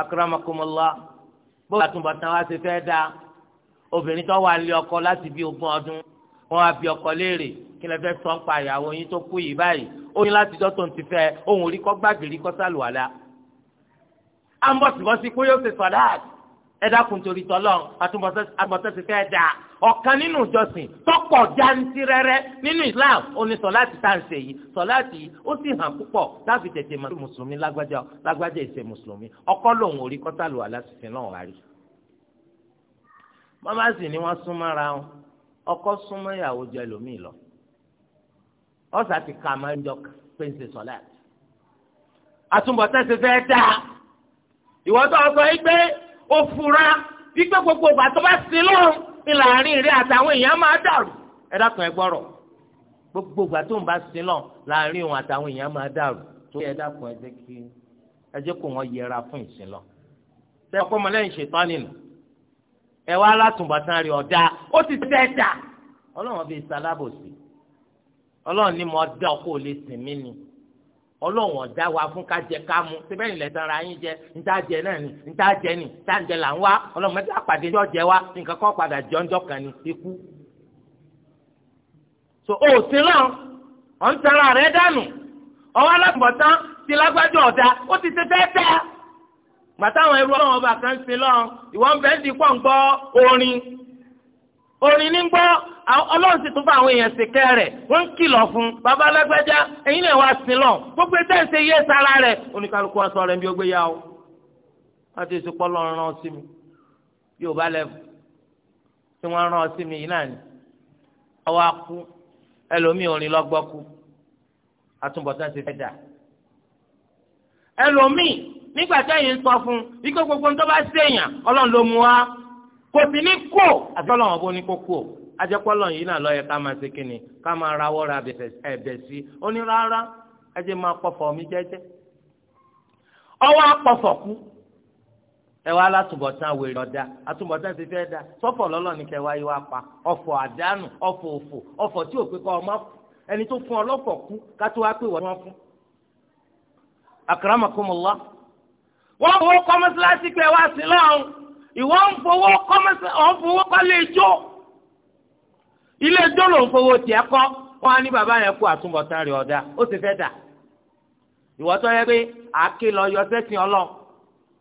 akaramakomola bóyá wọn á bí ọkọ léèrè kí lè fẹ́ sọ ń pa ìyàwó yín tó kú yìí báyìí ó ní láti jọ́ tó ń ti fẹ́ ohun orí kọ́ gbàgìrì kọ́ sálùwàlà à ń bọ̀ síbọ̀ sí pé yóò ṣe sọ̀dáàt ẹ dákun torí tọ́lọ́ àtúbọ̀tẹ́sí fẹ́ dà ọ̀kan nínú ìjọsìn tọ́pọ̀ jantirẹrẹ nínú Islam ó ní sọ̀láàtì tá à ń ṣe yìí sọ̀láàtì ó sì hàn púpọ̀ láti tètè máa tó mùsùlùmí lágbájá lágbájá ìṣe mùsùlùmí ọkọ lòun ò rí kọ́tàlù aláṣìṣe náà wá rí. mọ́másì ni wọ́n sún mọ́ra wọn ọkọ súnmọ́ ìyàwó ju ẹlòmíì lọ ọ̀sà ti ka máa ń jọ pé ń ṣe sọ́lá àtúbọ̀tán ṣe fẹ́ dá ìwọ́tọ̀ ọ̀sọ̀ yìí pé ó fura wípé gbogbo ìgbà tó bá sí lóhùn ní láàrin ìrẹ́ àtàwọn èèyàn máa dàrú ẹ dákun ẹ gbọ́rọ̀ gbogbo ìgbà tó ń bá sí lóhùn láàrin òun àtàwọn èèyàn máa dàrú tó ẹ dákun ẹ jẹ́ kí ẹ jẹ́ kó wọ́n yẹra fún ìsìn lọ. sẹ́yìn ọkọ ọmọlẹ́yìn ṣètọ́ nínú ẹ wá látùbọ̀tán rí ọ̀dá ó ti tẹ ẹ̀dá ọlọ́run bíi sálábòsì ọlọ́run ní mo dá ọkọ ò lè sìn mí ni ọlọ́run ọ̀dá wa fún kájẹ kámú síbẹ̀ ìlẹ̀ tán ra yín jẹ níta jẹ náà ni níta jẹ ni níta jẹ là ń wá pàdé so o sí náà ọ̀ ń tẹ́ra dànù ọwọ́ ti ó ti gbàtàwọn ẹrú ọlọ́run ọba kan sin lọ́n ìwọ́n bẹ́ẹ̀ ti pọ̀ ń gbọ́ orin orin ní gbọ́ ọlọ́run sì tún bá àwọn èèyàn sì kẹ́rẹ̀ wọ́n ń kìlọ̀ fún bàbá alágbájá ẹ̀yin lè wá sin lọ́n gbogbo ẹ̀sẹ̀ ń ṣe yé sára rẹ̀ oníkálukú wa sọ rẹ̀ bí ó gbé ya o wọ́n ti sùpọ̀ lọ́run rán sí mi yóò bá lẹ́fù tí wọ́n rán sí mi yìí náà ni ọwọ́ akú ẹlòmíì orin lọ́gbọ́kú àtúbọ̀tán ti fẹ́ dà ẹlòmíì nígbà tẹ́yìn sọ fún ikú gbogbo ń tó bá séèyàn ọlọ́run ló mú wa kò sí ní kó àtọ́lọ́wọ́n bó ní kó kó ajẹ́pọ́lọ́ yìí náà lọ́yẹ ká máa ṣe ra ẹ̀bẹ̀ sí ó ní rárá ẹ máa pọ̀fọ̀ mi jẹ́jẹ́ ọwọ́ kú ẹ wá látúbọ̀tán wèrè ọ̀dà àtúbọ̀tán ti fẹ́ da sọ́fọ̀ lọ́lọ́ yìí wá pa ọ̀fọ̀ àdánù ọ̀fọ̀ òfò ọ̀fọ̀ tí ò pé kọ́ ọmọ ẹni tó fún ọlọ́fọ̀ kú ká tó wọ́n fowó kọ́ mọ́sálásí pé wá sí lọ́hùn ìwọ ń fowó kọ́ mọ́sálásí ọ̀hún fowó kọ́ lè jó ilé ijó ló ń fowó tiẹ̀ kọ́ wọ́n á ní bàbá yẹn kú àtúbọ̀tán rẹ̀ ọ̀dà ó ti fẹ́ dà ìwọ tó yẹ pé àáké lọ yọ sẹ́sìn ọlọ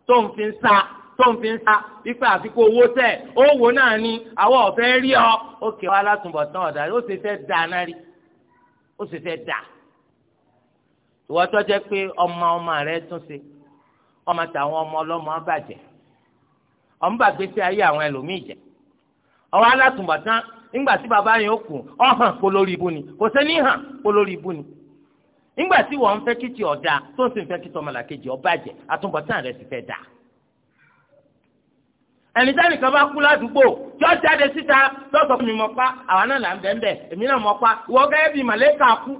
tó ń fi ń sa tó ń fi ń sa ipa àfikún owó tẹ̀ owó náà ni àwọn ọ̀fẹ́ rí ọ ó kẹ́ wá látúbọ̀tán ọ̀dà ó ti fẹ́ dà náà rí ó ti fẹ́ dà ìwọ tó jẹ́ pé ọmọ ọmọ ọmọ tàwọn ọmọ ọlọ́mọ bàjẹ́ ọmọ bàgbésí ayé àwọn ẹlòmíì jẹ́ ọwọ́ alátùnbọ̀tán nígbà tí bàbá yẹn ó kù ọ hàn kó lórí ibú ni kò sẹ́ni hàn kó lórí ibú ni nígbà tí wọ́n ń fẹ́ kí ti ọ̀dà tó ń sì ń fẹ́ kí ti ọmọlàkejì ọ bàjẹ́ àtúnbọ̀tán rẹ̀ sì fẹ́ dà ẹnìtẹ́nì kan bá kú ládùúgbò tí ó jáde síta lọ́sọ̀ fún mi mọ̀ pa àwọn náà là ń bẹ́ẹ̀ bẹ́ẹ̀ èmi náà mọ̀ pa ìwọ gẹ́gẹ́ bíi màlẹ́kà kú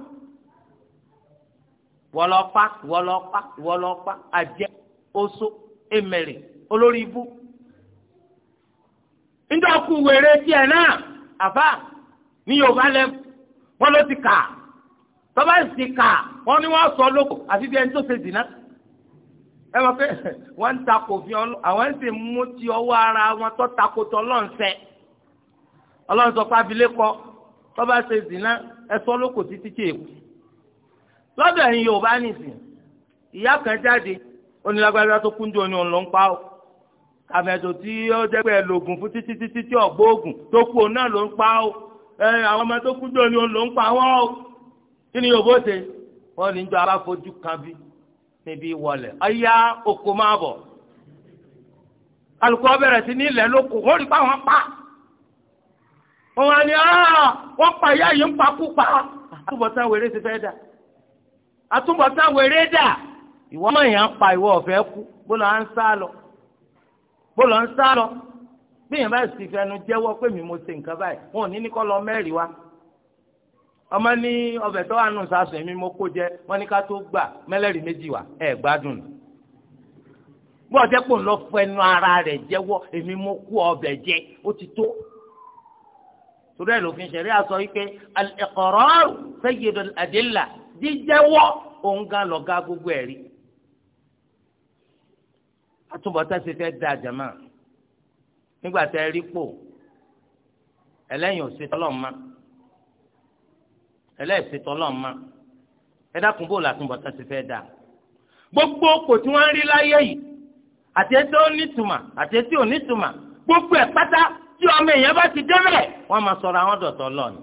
wọ́lọ́pá wọ́lọ́pá wọ́lọ́pá àjẹ́ oṣó Emeli. olórí ibú níjọ́ kú wèrè tiẹ̀ náà àbá ní yorùbá lẹ́kọ̀ọ́ wọn ló ti kà tọ́ba sì kà wọn ni wọ́n sọ lóko àfi bí ẹni tó ṣe dìná ẹ mọ̀ pé wọ́n ń ta kò fi ọlọ́ àwọn sì mú ti ọwọ́ ara wọn tó takotọ́ ọlọ́ọ̀nsẹ́ ọlọ́ọ̀nsọ́pá abilékọ tọ́ba ṣe dìná ẹ sọ lóko títí tí èkó lọ́dọ̀ ẹ̀yin yorùbá nìsín ìyá kan jáde onílágbájá tó kúndùn òní òun ló ń pa ó àfẹ̀tò tí ó jẹ́ pé ẹlògùn fún títí títí tí ọ̀gbóògùn tó kú òun náà ló ń pa ó ẹ àwọn ọmọ tó kúndùn òní òun ló ń pa wọ́n kí ni yòówó ṣe wọ́n ní jọ aláfojú kan bí níbi wọlé ọ̀yá oko máa bọ̀ alùpùpù ọbẹ̀rẹ̀ sí ní ilẹ̀ lóko wọ́n rí pa wọ́n pa wọ́n wá ní àtúbọ̀tán wèrè ti fẹ́ dà àtúbọ̀tán wèrè dà ìwọ ọmọ yẹn ń pa ìwọ ọ̀fẹ́ kú bó lọ ń sá lọ bó lọ ń sá lọ bí yẹn bá sì fẹnu jẹ́wọ́ pé mi mo ṣe nǹkan báyìí wọn ò ní ní kọ́ lọ mẹ́rin wa ọmọ ní ọbẹ̀ tó wà nù sásùn èmi mo kó jẹ wọn ní ká tó gbà mẹ́lẹ́rì méjì wá ẹ̀ gbádùn bí ọjọ́ pò ń lọ fẹnu ara rẹ̀ jẹ́wọ́ èmi mo kú ọbẹ̀ jẹ ó ti tó torí ẹ̀ lófin ṣẹ̀rí àsọ yìí pé al-iqrar sayyidul adilla jíjẹ́wọ́ òun gan lọ́gá gbogbo ẹ̀rí àtúbọ̀tán ṣe fẹ́ da jama nígbà tẹ ẹ rí pò ẹlẹ́yìn òṣètò ọlọ́ọ̀ma ẹlẹ́ẹ̀ṣètò ọlọ́ọ̀ma ẹ dákun bò látúbọ̀tán ṣe fẹ́ da gbogbo kò tí wọ́n ń rí láyé yìí àti ẹtí ó nítumà àti ẹtí ò nítumà gbogbo ẹ̀ pátá tí ọmọ èèyàn bá ti débẹ̀ wọ́n máa sọ̀rọ̀ àwọn dọ̀tọ̀ lọ́ọ̀ni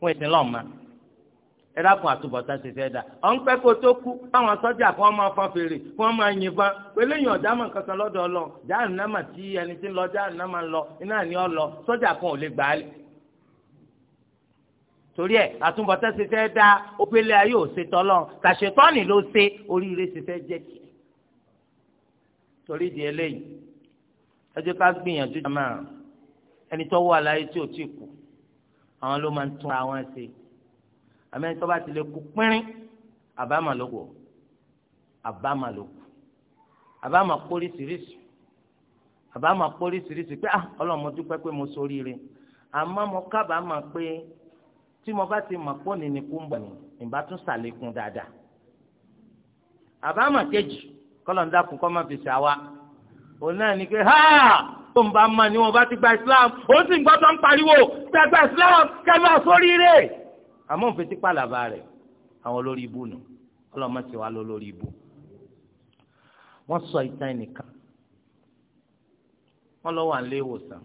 wọ́n ti lọ́ọ̀ máa ẹ dákun àtúbọ̀tán ti fẹ́ dà ọ̀ ń pẹ́ kó tó kú báwọn sọ́jà kan máa fọn fèrè kí wọ́n máa yìnbọn pé lẹ́yìn ọ̀dá mọ̀ kankan lọ́dọ̀ ọlọ jáàrún náà mà tí ẹni tí ń lọ jáàrún náà mà ń lọ iná ni ọ lọ sọ́jà kan ò lè gbà á lẹ̀. torí ẹ àtúbọ̀tán ti fẹ́ dà òpèlè ayé ò ṣe tọ́lọ́ kàṣetọ́nì ló ṣe oríire ti fẹ́ jẹ́ kí. torí di eléyìí ẹ jẹ́ ká gbìyànjú jàmáà ẹni tó àmẹ́ni tó bá ti lè kú pínrín àbámà ló wọ̀ àbámà ló kù àbámà póríṣiríṣi àbámà pé ah ọlọ́mọ dúpẹ́ pé mo ṣoríire àmọ́ mo kábàámà pé tí mo bá ti mọ̀ pọ́ ní ní kúńbọ̀ ni ìbá tún ṣàlékún dáadáa àbámà kejì kọ́lọ́ńdà kù kọ́ má fi ṣàwa òun náà ni pé ha ah, tó ń bá ma ni wọn bá ti gba Islam ó sì ń gbọ́ tó ń pariwo gbàgbà Islam kẹ́ máa ṣoríire àmọ́ òfin ti pàlàbà rẹ̀ àwọn olórí ibu nù ọlọ́mọ ti wà lọ lórí ibu. wọ́n sọ ìtàn ẹnìkan wọ́n lọ wà nílé ìwòsàn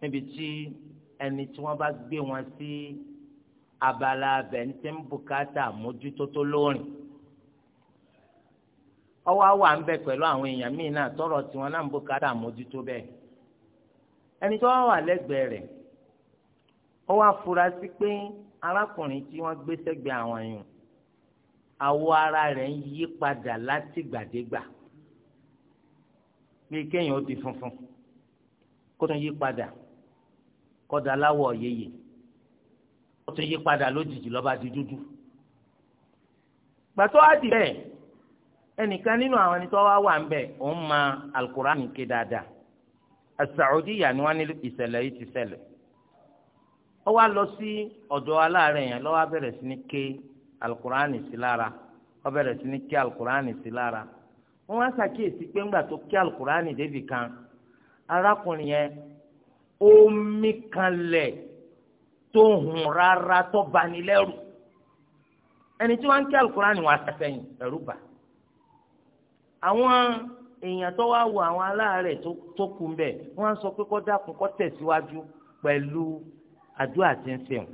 níbi tí ẹni tí wọ́n bá gbé wọn sí abala abẹ ń tẹ́ ń bùkátà mójútó tó lóorìn ọwọ́ àwọ̀ à ń bẹ̀ pẹ̀lú àwọn èèyàn míì náà tọrọ tiwọn náà ń bùkátà mójútó bẹ́ẹ̀ ẹni tó wà wà lẹ́gbẹ̀ẹ́ rẹ̀ ó wá fura sí pé arákùnrin tí wọ́n gbé sẹ́gbẹ̀ẹ́ àwọn yìí àwọ̀ ara rẹ̀ ń yí padà láti gbàdégbà bí kéèyàn ó di funfun kó tún yí padà kọ́dà láwọ̀ yeye ó tún yí padà lójijì ló bá di dúdú gbàtọ́ á di bẹ́ẹ̀ ẹnìkan nínú àwọn ẹni tó wá wà ń bẹ̀ òun ma alukur'an ké dáadáa asaudiya ni wọ́n ní ìṣẹ̀lẹ̀ yìí ti ṣẹlẹ̀ ó wá lọ sí ọ̀dọ̀ aláàárẹ̀ yẹn ló wá bẹ̀rẹ̀ sí ní ké alukuraani sí lára ó bẹ̀rẹ̀ sí ní ké alukuraani sí lára wọ́n wá ṣàkíyèsí pé ńgbà tó ké alukuraani débì kan arákùnrin yẹn omi kan lẹ̀ tó hùn rárá tó bani lẹ́rù ẹni tí wọ́n ké alukuraani wọn àtẹ̀sẹ̀yìn ẹ̀rù bà àwọn èèyàn tó wá wo àwọn aláàárẹ̀ tó kú ń wọ́n á sọ pé kó dákun kó tẹ̀síwájú pẹ̀lú àdúrà ti ń sèwọn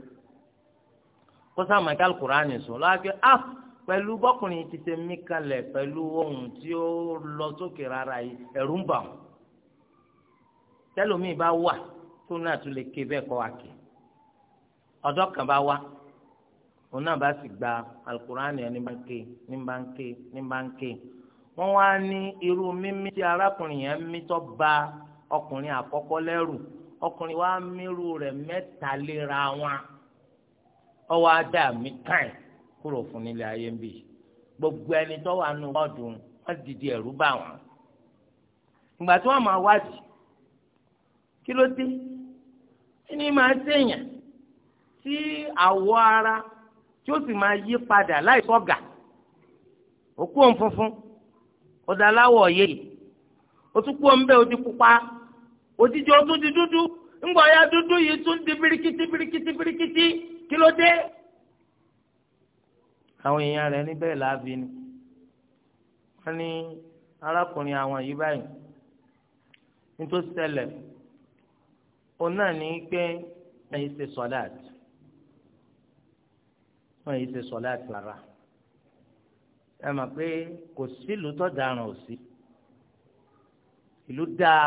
kó sáà máa kí alukur'ani sùn lọ́wọ́ àgbẹ̀ á ah, pẹ̀lú bọ́kùnrin ti ṣe mí kalẹ̀ pẹ̀lú ohun tí ó lọ sókè rárá yìí ẹ̀rù ń bà wọ́n tẹ́lómi bá wà tó náà tún lè ké bẹ́ẹ̀ kọ́ wa kì ọ̀dọ́ kan bá wà òun náà bá sì gba alukur'ani ẹni bá ń ké ní bá ń ké ní bá ń ké wọ́n wá ní irú mímí tí arákùnrin yẹn mí ba ọkùnrin àkọ́kọ́ lẹ́rù ọkùnrin wa mírù rẹ̀ léra wọn ọwọ adá mi káì kúrò fún nílé ayé ń gbogbo ẹni tó wà nù ọdún wọn dìde ẹ̀rú bà wọn ìgbà tí wọn máa wádìí kí ló dé ẹni máa tí ara tí ó sì máa yí padà láì sọ́gà òkú òun funfun ọ̀dà òjijì ó tún di dúdú ńgbà ya dúdú yìí tún di birikiti birikiti birikiti kí ló dé. àwọn èèyàn rẹ̀ níbẹ̀ láàbì ni wọ́n ní arákùnrin àwọn yìí báyìí nítorí ṣẹlẹ̀ òun náà ní pé ẹ̀yin ṣe sọ̀dáàtì wọ́n yìí ṣe sọ̀láàtì rárá ẹ mọ̀ pé kò sílùú tó daràn ò sí ìlú dáa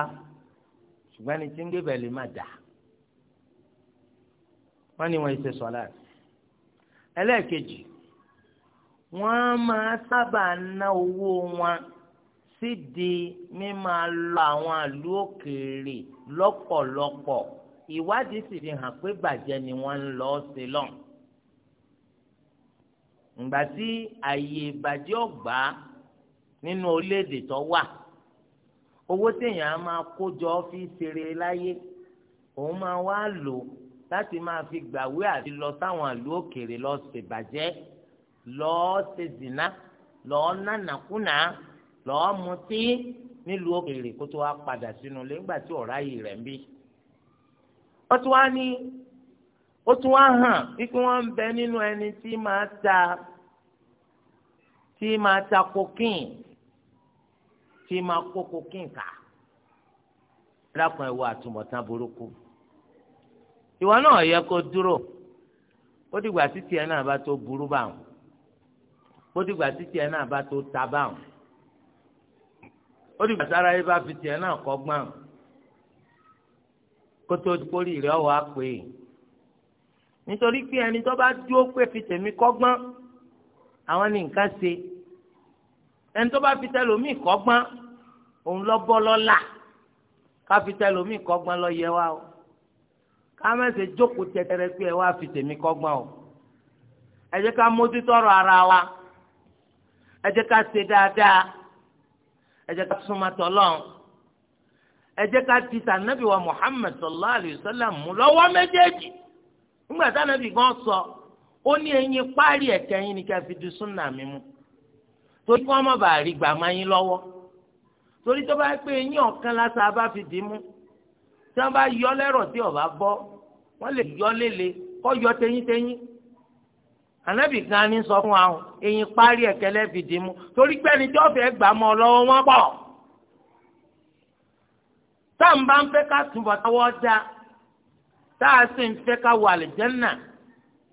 ṣùgbọ́n ẹni tí ń gbé bẹ̀ lè má dà wọ́n ní wọ́n ṣe sọ́lá ẹlẹ́ẹ̀kejì wọ́n máa sábà ná owó wọn sídìí mímá lọ àwọn àlú òkèèrè lọ́pọ̀lọpọ̀ ìwádìí sì fi hàn pé bàjẹ́ ni wọ́n ń lọ ṣe lọ́n. ǹgbà tí àyè ìbàjẹ́ ọ̀gbá nínú orílẹ̀-èdè tó wà owó téèyàn á máa kó jọ fi ṣeré láyé òun máa wá lò láti máa fi gbàwé àti lọ sáwọn àlú òkèèrè lọ ṣèbàjẹ́ lọ́ọ́ ṣe zìnà lọ́ọ́ nánàkúnà lọ́ọ́ mutí nílùú òkèèrè kó tó wá padà sínú ilé nígbà tí ọ̀rá yìí rẹ̀ ń bí. ó tún wá ní ó tún wá hàn wípé wọ́n ń bẹ nínú ẹni tí máa ta tí máa ta kokéènì tí máa kókó kínkà dákun ẹwọ àtúmọ̀tán burúkú ìwọ náà yẹ kó dúró ó dìgbà títí ẹ náà bá tó burú báwọn ó dìgbà títí ẹ náà bá tó ta báwọn ó dìgbà sára yìí bá fi tiẹ̀ náà kọ́gbọ́n kótó kórì rẹ̀ ọ̀ wá pè nítorí pé ẹni tó bá dúró pé fi tèmi kọ́gbọ́n àwọn ní nǹkan ṣe ẹni tó bá fi tẹlómi kọ́gbọ́n òun lọ bọ́ lọ́la ká fi tẹlómi lọ yẹ o ká má ṣe jókòó tẹtẹrẹ pé ẹ wá o ẹ jẹ́ ká ara wa ẹ jẹ́ ká ṣe dáadáa ẹ ti sànàbí wa muhammed sallallahu alayhi wa sallam mú méjèèjì sànàbí gan sọ ó ní ni ká fi súnà torí kí wọ́n má bàa rí gbà máa yín lọ́wọ́ torí tó bá pé eyín ọ̀kan lásán abá fi dì í mú tí wọ́n bá yọ lẹ́rọ̀ tí ọ̀bá bọ́ wọ́n lè yọ lélẹ̀ kọ́ yọ tẹ́yìntẹ́yìn ànábì kan ní sọ fún wa o eyín parí ẹ̀kẹ́lẹ́ fi dì í mú torí pé ẹni tí wọ́n fẹ́ gbà mọ́ lọ́wọ́ wọn pọ̀ tá à bá ń fẹ́ ká túbọ̀ táwọ́ dá tá a sì ń fẹ́ ká wà lè jẹ́nà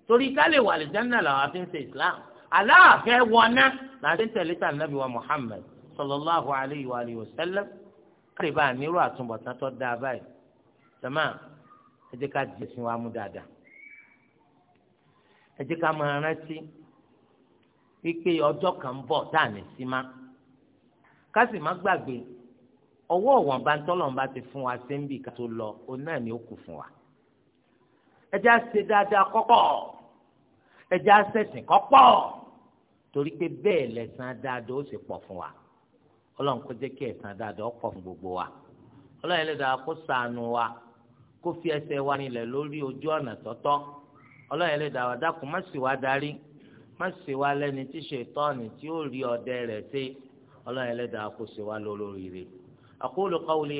torí ká lè wà lè jẹ́nà làwọn fi ń ṣe ìsìláàmù aláàfẹ́ wọná láti tẹ̀lé tà nàbí wa Muhammad sallallahu alayhi wa alihi wa sallam kárí bá a nírú àtúbọ̀tán tó dáa báyìí jama ẹ jẹ́ ká jẹ sí wa mú dáadáa ẹ jẹ́ ká máa rántí wípé ọjọ́ kan bọ̀ tá à ní sí má ká sì má gbàgbé ọwọ́ ọ̀wọ́n bá ń tọ́lọ̀ ń bá ti fún wa ṣé ká tó lọ òun náà ni ó kù fún wa ẹ á ṣe dáadáa kọ́kọ́ ẹ á ṣẹ̀sìn kọ́kọ́ torí pé bẹ́ẹ̀ lẹ̀san dáadọ́ ó sì pọ̀ fún wa ọlọ́run kó jẹ́ kí ẹ̀san dáadọ́ pọ̀ fún gbogbo wa ọlọ́run ẹlẹ́dàá kó ṣàánú wa kó fi ẹsẹ̀ wa nílẹ̀ lórí ojú ọ̀nà tọ́tọ́ ọlọ́run ẹlẹ́dàá wa dákun má sì wá darí má sì wá lẹ́ni tí ṣètọ́ọ̀nì tí ó rí ọdẹ rẹ̀ ṣe ọlọ́run ẹlẹ́dàá kó sì wá lórí rẹ̀ aqulu qawli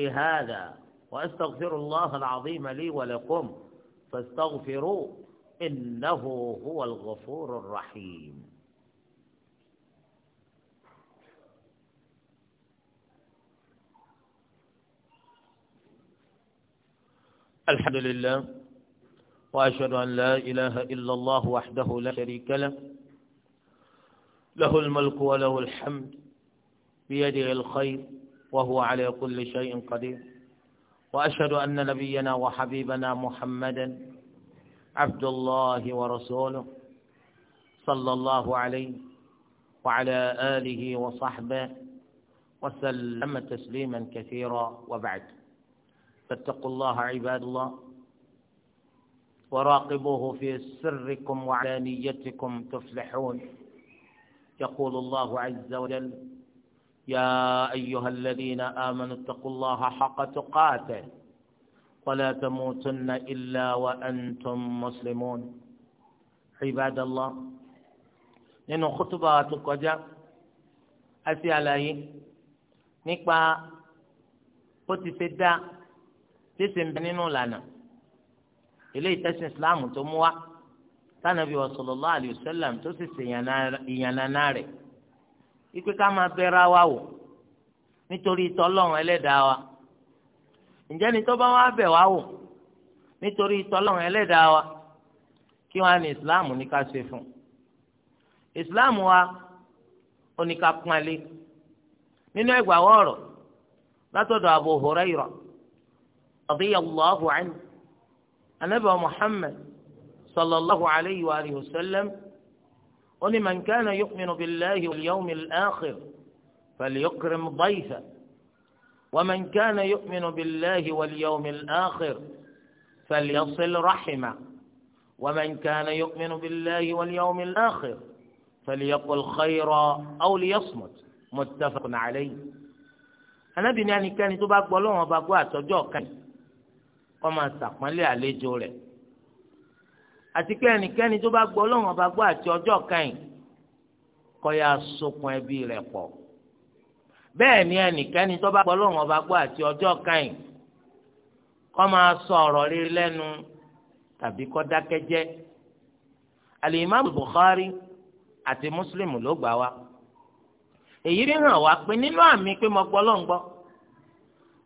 الحمد لله وأشهد أن لا إله إلا الله وحده لا شريك له له الملك وله الحمد بيده الخير وهو على كل شيء قدير وأشهد أن نبينا وحبيبنا محمدا عبد الله ورسوله صلى الله عليه وعلى آله وصحبه وسلم تسليما كثيرا وبعد فاتقوا الله عباد الله وراقبوه في سركم وعلانيتكم تفلحون يقول الله عز وجل يا أيها الذين آمنوا اتقوا الله حق تقاته ولا تموتن إلا وأنتم مسلمون عباد الله لأن خطبات القجاء kọjá عليه نقبع àlàyé nípa títí ń bẹ nínú ìlànà ilé ìtẹ́sìn islam tó mú wa tánàbí wa sallallahu alayhi tó sì ṣe ìyànnànà rẹ̀ ikú ká máa bẹ́ra wa wò nítorí tọ́lọ́run ẹlẹ́dàá wa ǹjẹ́ ni tó bá bẹ̀ wá wò nítorí wa kí ní islam ní ká ṣe fún islam wa ó nínú ẹgbàá رضي الله عنه النبي محمد صلى الله عليه وآله وسلم قل من كان يؤمن بالله واليوم الآخر فليكرم ضيفه ومن كان يؤمن بالله واليوم الآخر فليصل رحمه ومن كان يؤمن بالله واليوم الآخر فليقل خيرا أو ليصمت متفق عليه أنا بني يعني كان تبقى لهم بقوات وجوه كان kọ́ máa ṣàpọ́nlé àlejò rẹ̀ àti pé ẹnikẹ́ni tó bá gbọ́ ọlọ́run ọba gbọ́ àti ọjọ́ kẹyìn kọ́ ya sokun ẹbí rẹ̀ pọ̀ bẹ́ẹ̀ ni ẹnikẹ́ni tó bá gbọ́ ọlọ́run ọba gbọ́ àti ọjọ́ kẹyìn kọ́ máa sọ ọ̀rọ̀ rere lẹ́nu tàbí kọ́ dákẹ́ jẹ́ alimami Bukhari àti Muslim ló gbà wá èyí rí hàn wá pé nínú àmì pé mo gbọ́ ọlọ́run gbọ́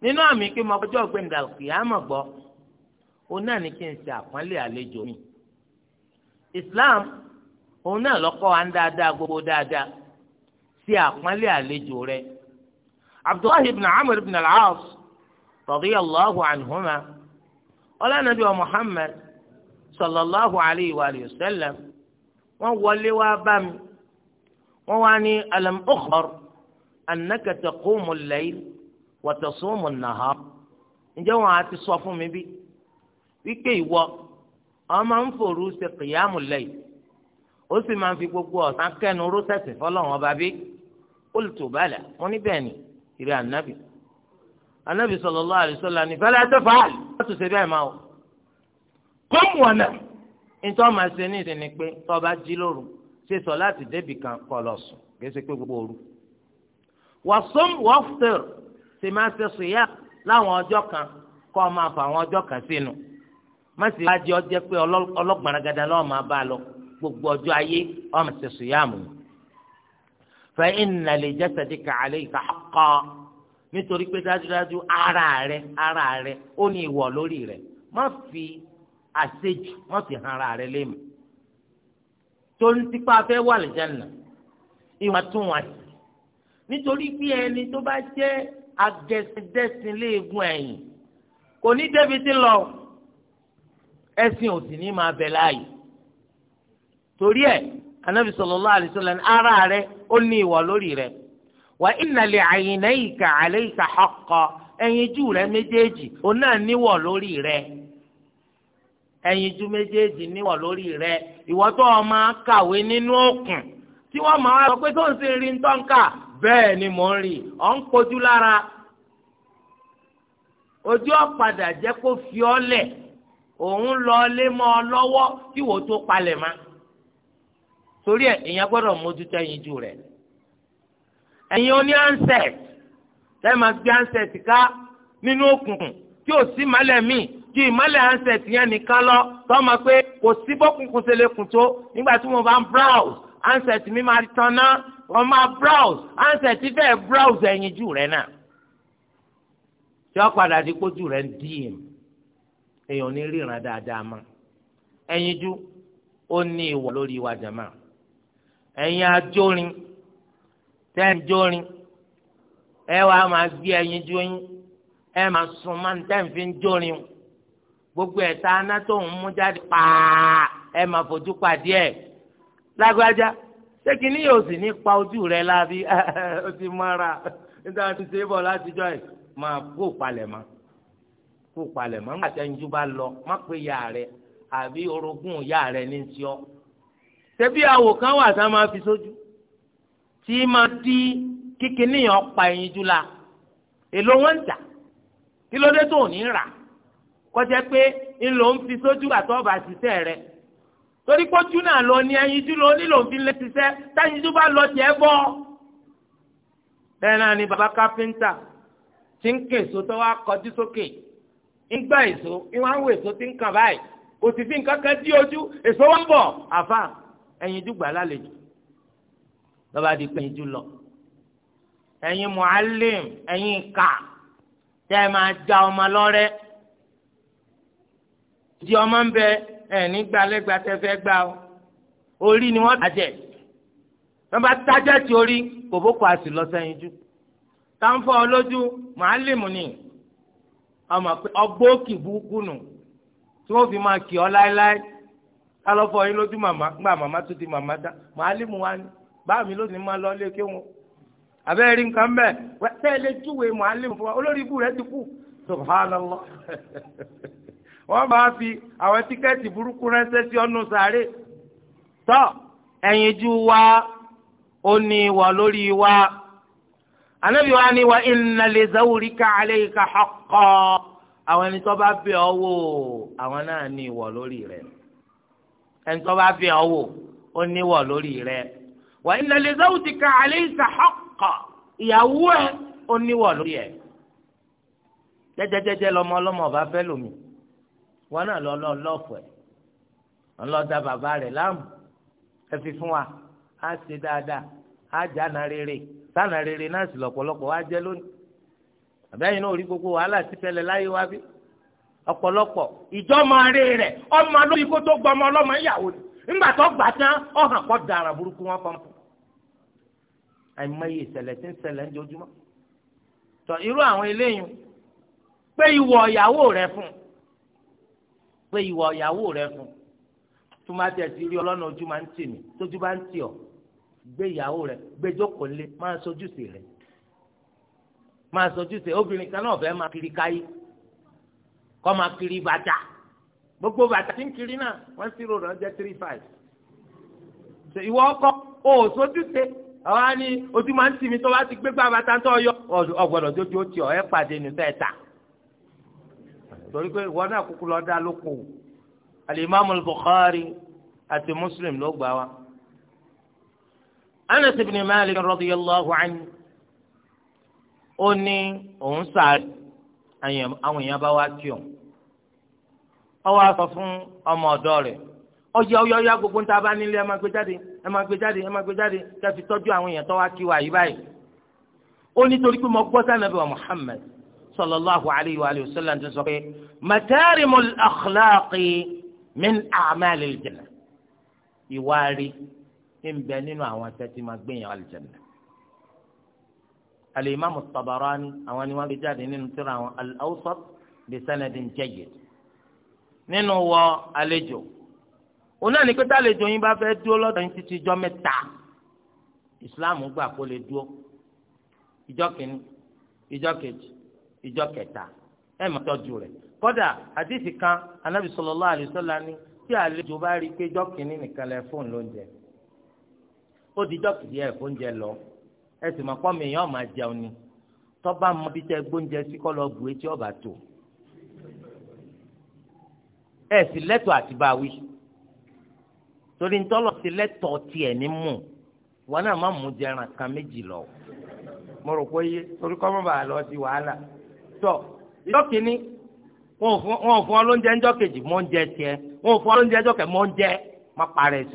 nínú àmì pé mo gbọ́jọ́ gbẹ̀ndàkìyàmọ̀ gbọ́ òun náà ní kí n ṣe àpọ́nlé àlejò mi islam òun náà lọ́kọ́ wa ń dáadáa gbogbo dáadáa ṣe àpọ́nlé àlejò rẹ abdullahi ibn amr ibn al-aas radiyallahu anhuma ọlọ́nàbí wa muhammad sallallahu alayhi wa sallam wọ́n wọlé wá bá mi wọ́n wá ní alam ukhbar annaka taqumu al-layl nahar ǹjẹ́ wọn àti sọ fún mi bíi wípé ìwọ ọ máa ń fòru ṣe kìyàmù lẹ́yìn ó sì máa ń fi gbogbo ọ̀sán kẹ́nu rósẹ̀sì fọlọ́run ọba bí olùtò wọn níbẹ̀ ni ìrẹ́ ànábì ànábì sallallahu alaihi wasallam ní fẹ́lẹ́ àtẹ́fà á tún ṣe bẹ́ẹ̀ máa o kó mu ọ̀nà nítorí máa ṣe ní ìsinmi pé tọ́ba jí lóru ṣe sọ láti débì kan kọ́ lọ sùn kì í ṣe pé gbogbo òru wàsóm wọ́fẹ́r ṣe máa ṣe sùn yá láwọn ọjọ́ kan kọ́ máa fà àwọn ọjọ́ kan sínú mọ̀sí wá jẹ́ ọjẹ́ pé ọlọ́gbọ̀nragada lọ́wọ́ máa bá a lọ gbogbo ọjọ́ ayé ọmọ ṣe sùyàmù. fa inna li jasadika alayka haqqan nítorí pé dájúdájú ara rẹ ara rẹ ó ní ìwọ lórí rẹ má fi àṣejù má fi hàn ara rẹ lémi. tó ń tipa fẹ́ wà lẹ́jẹ̀nà ìwà tún wà sí. nítorí bí ẹni tó bá jẹ́ agẹsẹdẹsìn léegun ẹ̀yìn kò ní débi tí lọ. ẹ̀sìn ò sì ní máa torí ẹ̀ anabi sallallahu alaihi ara rẹ ó ní ìwà lórí rẹ̀ wa inna li aynayka alayka haqqan méjèèjì ó náà lórí rẹ̀ méjèèjì lórí rẹ̀ ìwọ tó o máa kàwé nínú òkun tí wọ́n máa sọ pé tó ń sin rí tó ń kà ni mò ń rí ń kojú òun lọ lé mọ́ ọ lọ́wọ́ kí wò ó tó palẹ̀ mọ́ torí ẹ̀ èèyàn gbọ́dọ̀ mójútó ẹyin jù rẹ̀ ẹ̀yin ó ní ansẹt tẹ́ máa gbé ansẹt ká nínú òkùnkùn tí ò sí ìmọ́lẹ̀ míì ju ìmọ́lẹ̀ ansẹt yẹn nìkan lọ tọ́ ma pé kò sí bọ́kùnkùn ṣe lè kùn tó nígbà tí mo bá ń browse ansẹt mi máa tán náà wọ́n máa browse ansẹt fẹ́ẹ́ browse ẹyin jù rẹ̀ náà tí wọ́n padà di kójú rẹ̀ ń dí èèyàn ní ríran dáadáa mọ́ ẹyinjú ó ní ìwọ lórí ìwà jàmá ẹ̀yin ajórin tẹ́ǹjórin ẹ wàá máa gbé ẹyinjú yín ẹ máa sun máa ń tẹ́ǹfì ń jórin o gbogbo ẹ̀ta aná tó ń mú jáde pàà ẹ máa fojú pàdé ẹ̀ lágbájá ṣé kìíní yóò sì ní pa ojú rẹ láàbí ó ti mọ́ra nígbà tó ṣe é bọ̀ látijọ́ ẹ̀ máa kó palẹ̀ mọ́. kó palẹ̀ mọ́ lọ má pé ya rẹ àbí orogún ya rẹ ní ti tẹ́bí wà a máa fi sójú tí máa di pa ẹyinjú la èlò wọn ń kí ló dé tó ní rà kọjá pé ńlọ ń fi sójú àtọ́ba ṣiṣẹ́ torí pọ́jú náà lọ ní lọ fi ni baba káfíńtà ti ń kèso tó kọjú ìgbà èso ìwọ̀n àwọn èso ti ń kàn báyìí kò sì fi nǹkan kan sí ojú èso wọn bọ̀ àfa ẹ̀yin dùgbà lálejò bàbá di pé ìjú lọ ẹ̀yin mu'allim ẹ̀yin kà tẹ́ ẹ máa já ọmọ lọ́rẹ́ di ọmọ ń bẹ ẹ̀ní gbalẹ́gba tẹ́ fẹ́ gbà orí ni wọ́n tàjẹ́ wọ́n bá tájẹ́ ti orí kò bó kọ́ àsì lọ sẹ́yìn jù táwọn fọ́ ọ lójú mu'allim ni. Ama, pé ọgbóòkì burúkú nù tí wọ́n fi máa kì ọ́ láéláé alọ́fọ́ yín lójú màmá gbà màmá tó di màmá dá màálímù wa ni báà mi lónìí máa lọ lé kéwọn àbẹ́rẹ́ rí nǹkan bẹ́ẹ̀ tẹ́lẹ̀ júwèé màálímù fún wa olórí ibú rẹ̀ ti kú subhanallah wọ́n máa fi àwọn tíkẹ́ẹ̀tì burúkú ránṣẹ́ sí ọ̀nù sàárè tọ́ ẹ̀yinjú wa ó ní ìwà lórí wa anabi wa ni wa inna li zawrika alayka haqqan àwọn ẹni tó bá bẹ̀ ọ́ wò àwọn náà ní ìwọ lórí rẹ̀ ẹni tó bá bẹ̀ ọ́ wò ó ní ìwọ lórí rẹ̀ wa inna li zawjika alayka haqqan ìyàwó ẹ ó ní ìwọ lórí ẹ jẹjẹjẹjẹ lọmọ ọlọmọ ọba fẹ lomi wọn náà lọ lọ lọfọ ọlọdà bàbá rẹ láàmú ẹ fi fún wa á ṣe dáadáa á jà náà rere tánà rere náà sì lọ́pọ̀lọpọ̀ wá jẹ́ lónìí àbẹ́yìn náà rí gbogbo wàhálà ti tẹ́lẹ̀ láyé wá bí ọ̀pọ̀lọpọ̀ ìjọ́mọ̀ọ́rẹ́ rẹ̀ ọmọ lórí kó tó gbọmọ ọlọ́mọ ìyàwó ni ńgbà tó gbà tán ọ̀hàn kọ́ dara burúkú wọn fọ́n fún àìmọye ìṣẹ̀lẹ̀ tí ń ṣẹlẹ̀ ń jojúmọ́ tọ irú àwọn eléyìí pé ìwọ ìyàwó rẹ fún pé ìwọ ìyàwó rẹ fún tó má tẹ̀ sí rí ọlọ́nà ojú máa ń tì mí tójú bá ń tì ọ́ gbé ìyàwó rẹ gbé jókòó lé máa sojúṣe rẹ máa sojúṣe obìnrin kan náà fẹ́ máa kiri káyé kọ́ máa kiri bàtà gbogbo bàtà tí ń kiri náà wọ́n sì rò rẹ̀ jẹ́ three five ṣe ìwọ ọkọ o ò sojúṣe àwa ni ojú máa ń tì mí tó bá ti gbé gbà bàtà tó yọ ọgbọ̀dọ̀ jójú ó ti ọ̀ ẹ́ pàdé nù fẹ́ ta torí pé ìwọ náà kúkú lọ dá lóko alimami Bukhari àti Muslim ló gbà wá. Anas ibn Malik radiyallahu anhu ó ní òun sáré àwọn èèyàn bá wá kí òun ó wá sọ fún ọmọ ọ̀dọ̀ rẹ̀ ọjà ọyọyọ gbogbo níta bá nílé ẹ máa gbé jáde ẹ máa gbé jáde ẹ máa gbé jáde ká fi tọ́jú àwọn èèyàn tó wá kí wa yìí báyìí ó ní torí pé mo gbọ́ sànàbí wa Muhammad sallallahu alayhi wa sallam tó sọ pé matarimul akhlaqi min a'malil jannah ìwárí ń bẹ nínú àwọn tẹ́tí máa gbẹ̀yàn alìjẹ̀nà. alimami tabarani àwọn ni wọ́n gbé jáde nínú tírà àwọn al-awsat bi sanadin jayyid nínú wọ àlejò òun náà ní pé tálejò yín bá fẹ́ dúró lọ́dọ̀ yín títí ijọ́ mẹ́ta ìsìláàmù gbà kó lè dúró ijọ́ kìíní ijọ́ kejì ijọ́ kẹta ẹ̀ máa tọ́jú rẹ̀ kódà àdìsí kan anábì sallallahu alaihi tí àlejò bá rí pé ijọ́ kìíní nìkan lẹ fóònù lóúnjẹ ó di dọ́kítì ẹ̀ fóúnjẹ lọ ẹ sì mọ̀ pọ́ mi yàn máa jẹun ni tọ́ba mọ bí tẹ́ gbóúnjẹ sí kọ́ lọ bu etí ọ̀bà tó ẹ sì lẹ́tọ̀ọ́ àti bá wí torí ntọ́lọ̀ ti lẹ́tọ̀ọ́ tiẹ̀ ní mú wọn náà má mú jẹran kan méjì lọ mo rò pé yé torí kọ́ mọ́ bàa lọ sí wàhálà tọ́ ìdọ́kìnní wọn ò fún ọ lóúnjẹ ńjọ́ kejì mọ́ oúnjẹ tiẹ̀ wọn ò fún ọ lóúnjẹ ńjọ́ kẹ̀ mọ́ oúnjẹ má parẹ́ sí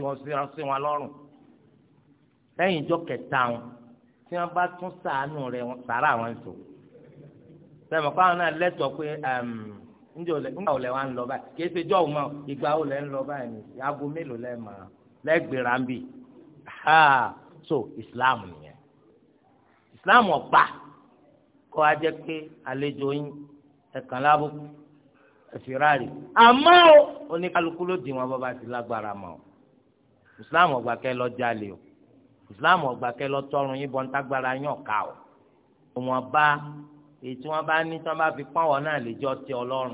wọn lọ́rùn lẹ́yìn ìjọ kẹta wọn tí wọ́n bá tún sàánú rẹ̀ sàrà àwọn ń sọ sẹ́mi fáwọn náà lẹ́tọ̀ọ́ pé nígbà wo lẹ wá ń lọ báyìí kì í ṣe jọ́ òun mọ́ ìgbà wo lẹ ń lọ báyìí ni aago mélòó lẹ mà lẹ́gbẹ̀rẹ̀ ń Ha. so Islam nìyẹn Islam ọ̀pá kó a jẹ́ pé àlejò yín ẹ̀kan lábùkù ẹ̀fìrarì àmọ́ oníkálukú ló dì wọn bọ́ bá ti lágbára mọ́ Islam ọ̀gbà kẹ́ lọ́ọ́ jálè o islam ọgbà kẹ lọ tọrùn yín bọ́n tágbára yín ọ̀ka o wọn bá èyí wọn bá ní tí wọn bá fi pọ́n wọn náà lè jọ ti ọlọ́run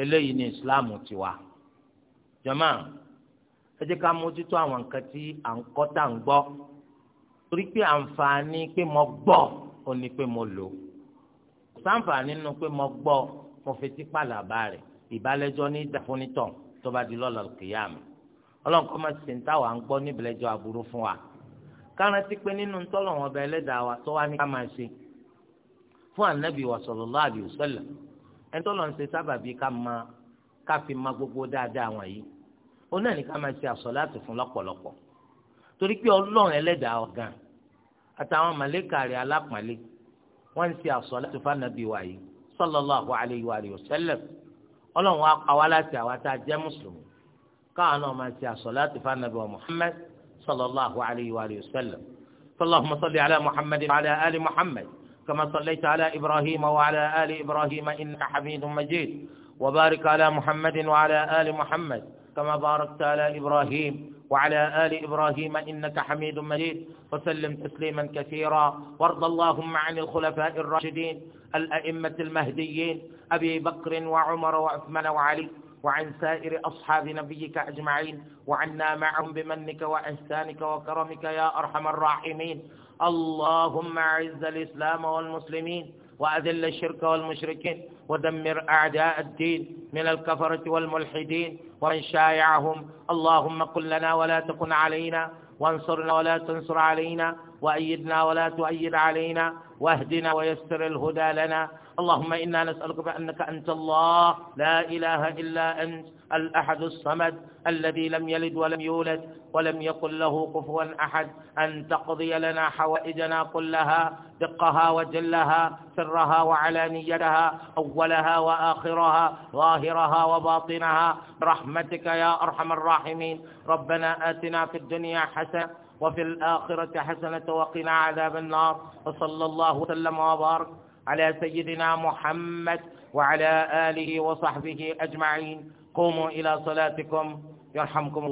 eléyìí ni islam tiwa jọ̀mọ́ ẹ jẹ́ ká mójútó àwọn nǹkan tí à ń kọ́ tá à ń gbọ́ torí pé àǹfààní pé mo gbọ́ ó ní pé mo lò sáǹfààní nínú pé mo gbọ́ mo fetí pàlàbà rẹ̀ ìbálẹ́jọ́ ní ìdáfúnitọ̀ tó bá di lọ́la kìyàmù ọlọ́run kọ́ máa ṣe ń táwa ń gbọ́ níbìlẹ́jọ aburú fún wa kárántí pé nínú ntọ́lọ̀ wọn bẹ ẹlẹ́dàá wa tó wá ní ká máa ṣe fún ànábì wa sallallahu alaihi wasallam ẹ̀ńtọ́lọ̀ ń ṣe sábàbí ká máa ká fi máa gbogbo dáadáa wọn yìí ó náà ní ká máa ṣe àsọ̀láàtì fún lọ́pọ̀lọpọ̀ torí pé ọlọ́run ẹlẹ́dàá wa gan àtàwọn màlẹ́kà rẹ̀ alápọ̀nlé wọ́n ń ṣe àsọ̀láàtì fún ànábì wa yìí sallallahu alaihi wa sallam ọlọ́run wa pa wá láti àwa tá a jẹ́ mùsùlùmí káwọn ọmọ ti àsọ̀láàtì fanabi wa muhammed sallallahu alayhi wa sallam sallallahu salli ala muhammed wa ala ali muhammed kama sallaita ala ibrahim wa ala ali ibrahim inna hamidun majid wa barik ala muhammed wa ala ali muhammed kama barakta ala ibrahim وعلى آل إبراهيم إنك حميد مجيد وسلم تسليما كثيرا وارض اللهم عن الخلفاء الراشدين الأئمة المهديين أبي بكر وعمر وعثمان وعلي وعن سائر أصحاب نبيك أجمعين وعنا معهم بمنك وإحسانك وكرمك يا أرحم الراحمين اللهم أعز الإسلام والمسلمين وأذل الشرك والمشركين ودمر أعداء الدين من الكفرة والملحدين ومن شايعهم اللهم قل لنا ولا تكن علينا وانصرنا ولا تنصر علينا وأيدنا ولا تؤيد علينا واهدنا ويسر الهدى لنا اللهم إنا نسألك بأنك أنت الله لا إله إلا أنت الأحد الصمد الذي لم يلد ولم يولد ولم يقل له كفوا أحد أن تقضي لنا حوائجنا كلها دقها وجلها سرها وعلانيتها أولها وآخرها ظاهرها وباطنها برحمتك يا أرحم الراحمين ربنا آتنا في الدنيا حسنة وفي الآخرة حسنة وقنا عذاب النار وصلى الله وسلم وبارك على سيدنا محمد وعلى آله وصحبه أجمعين قوموا إلى صلاتكم يرحمكم الله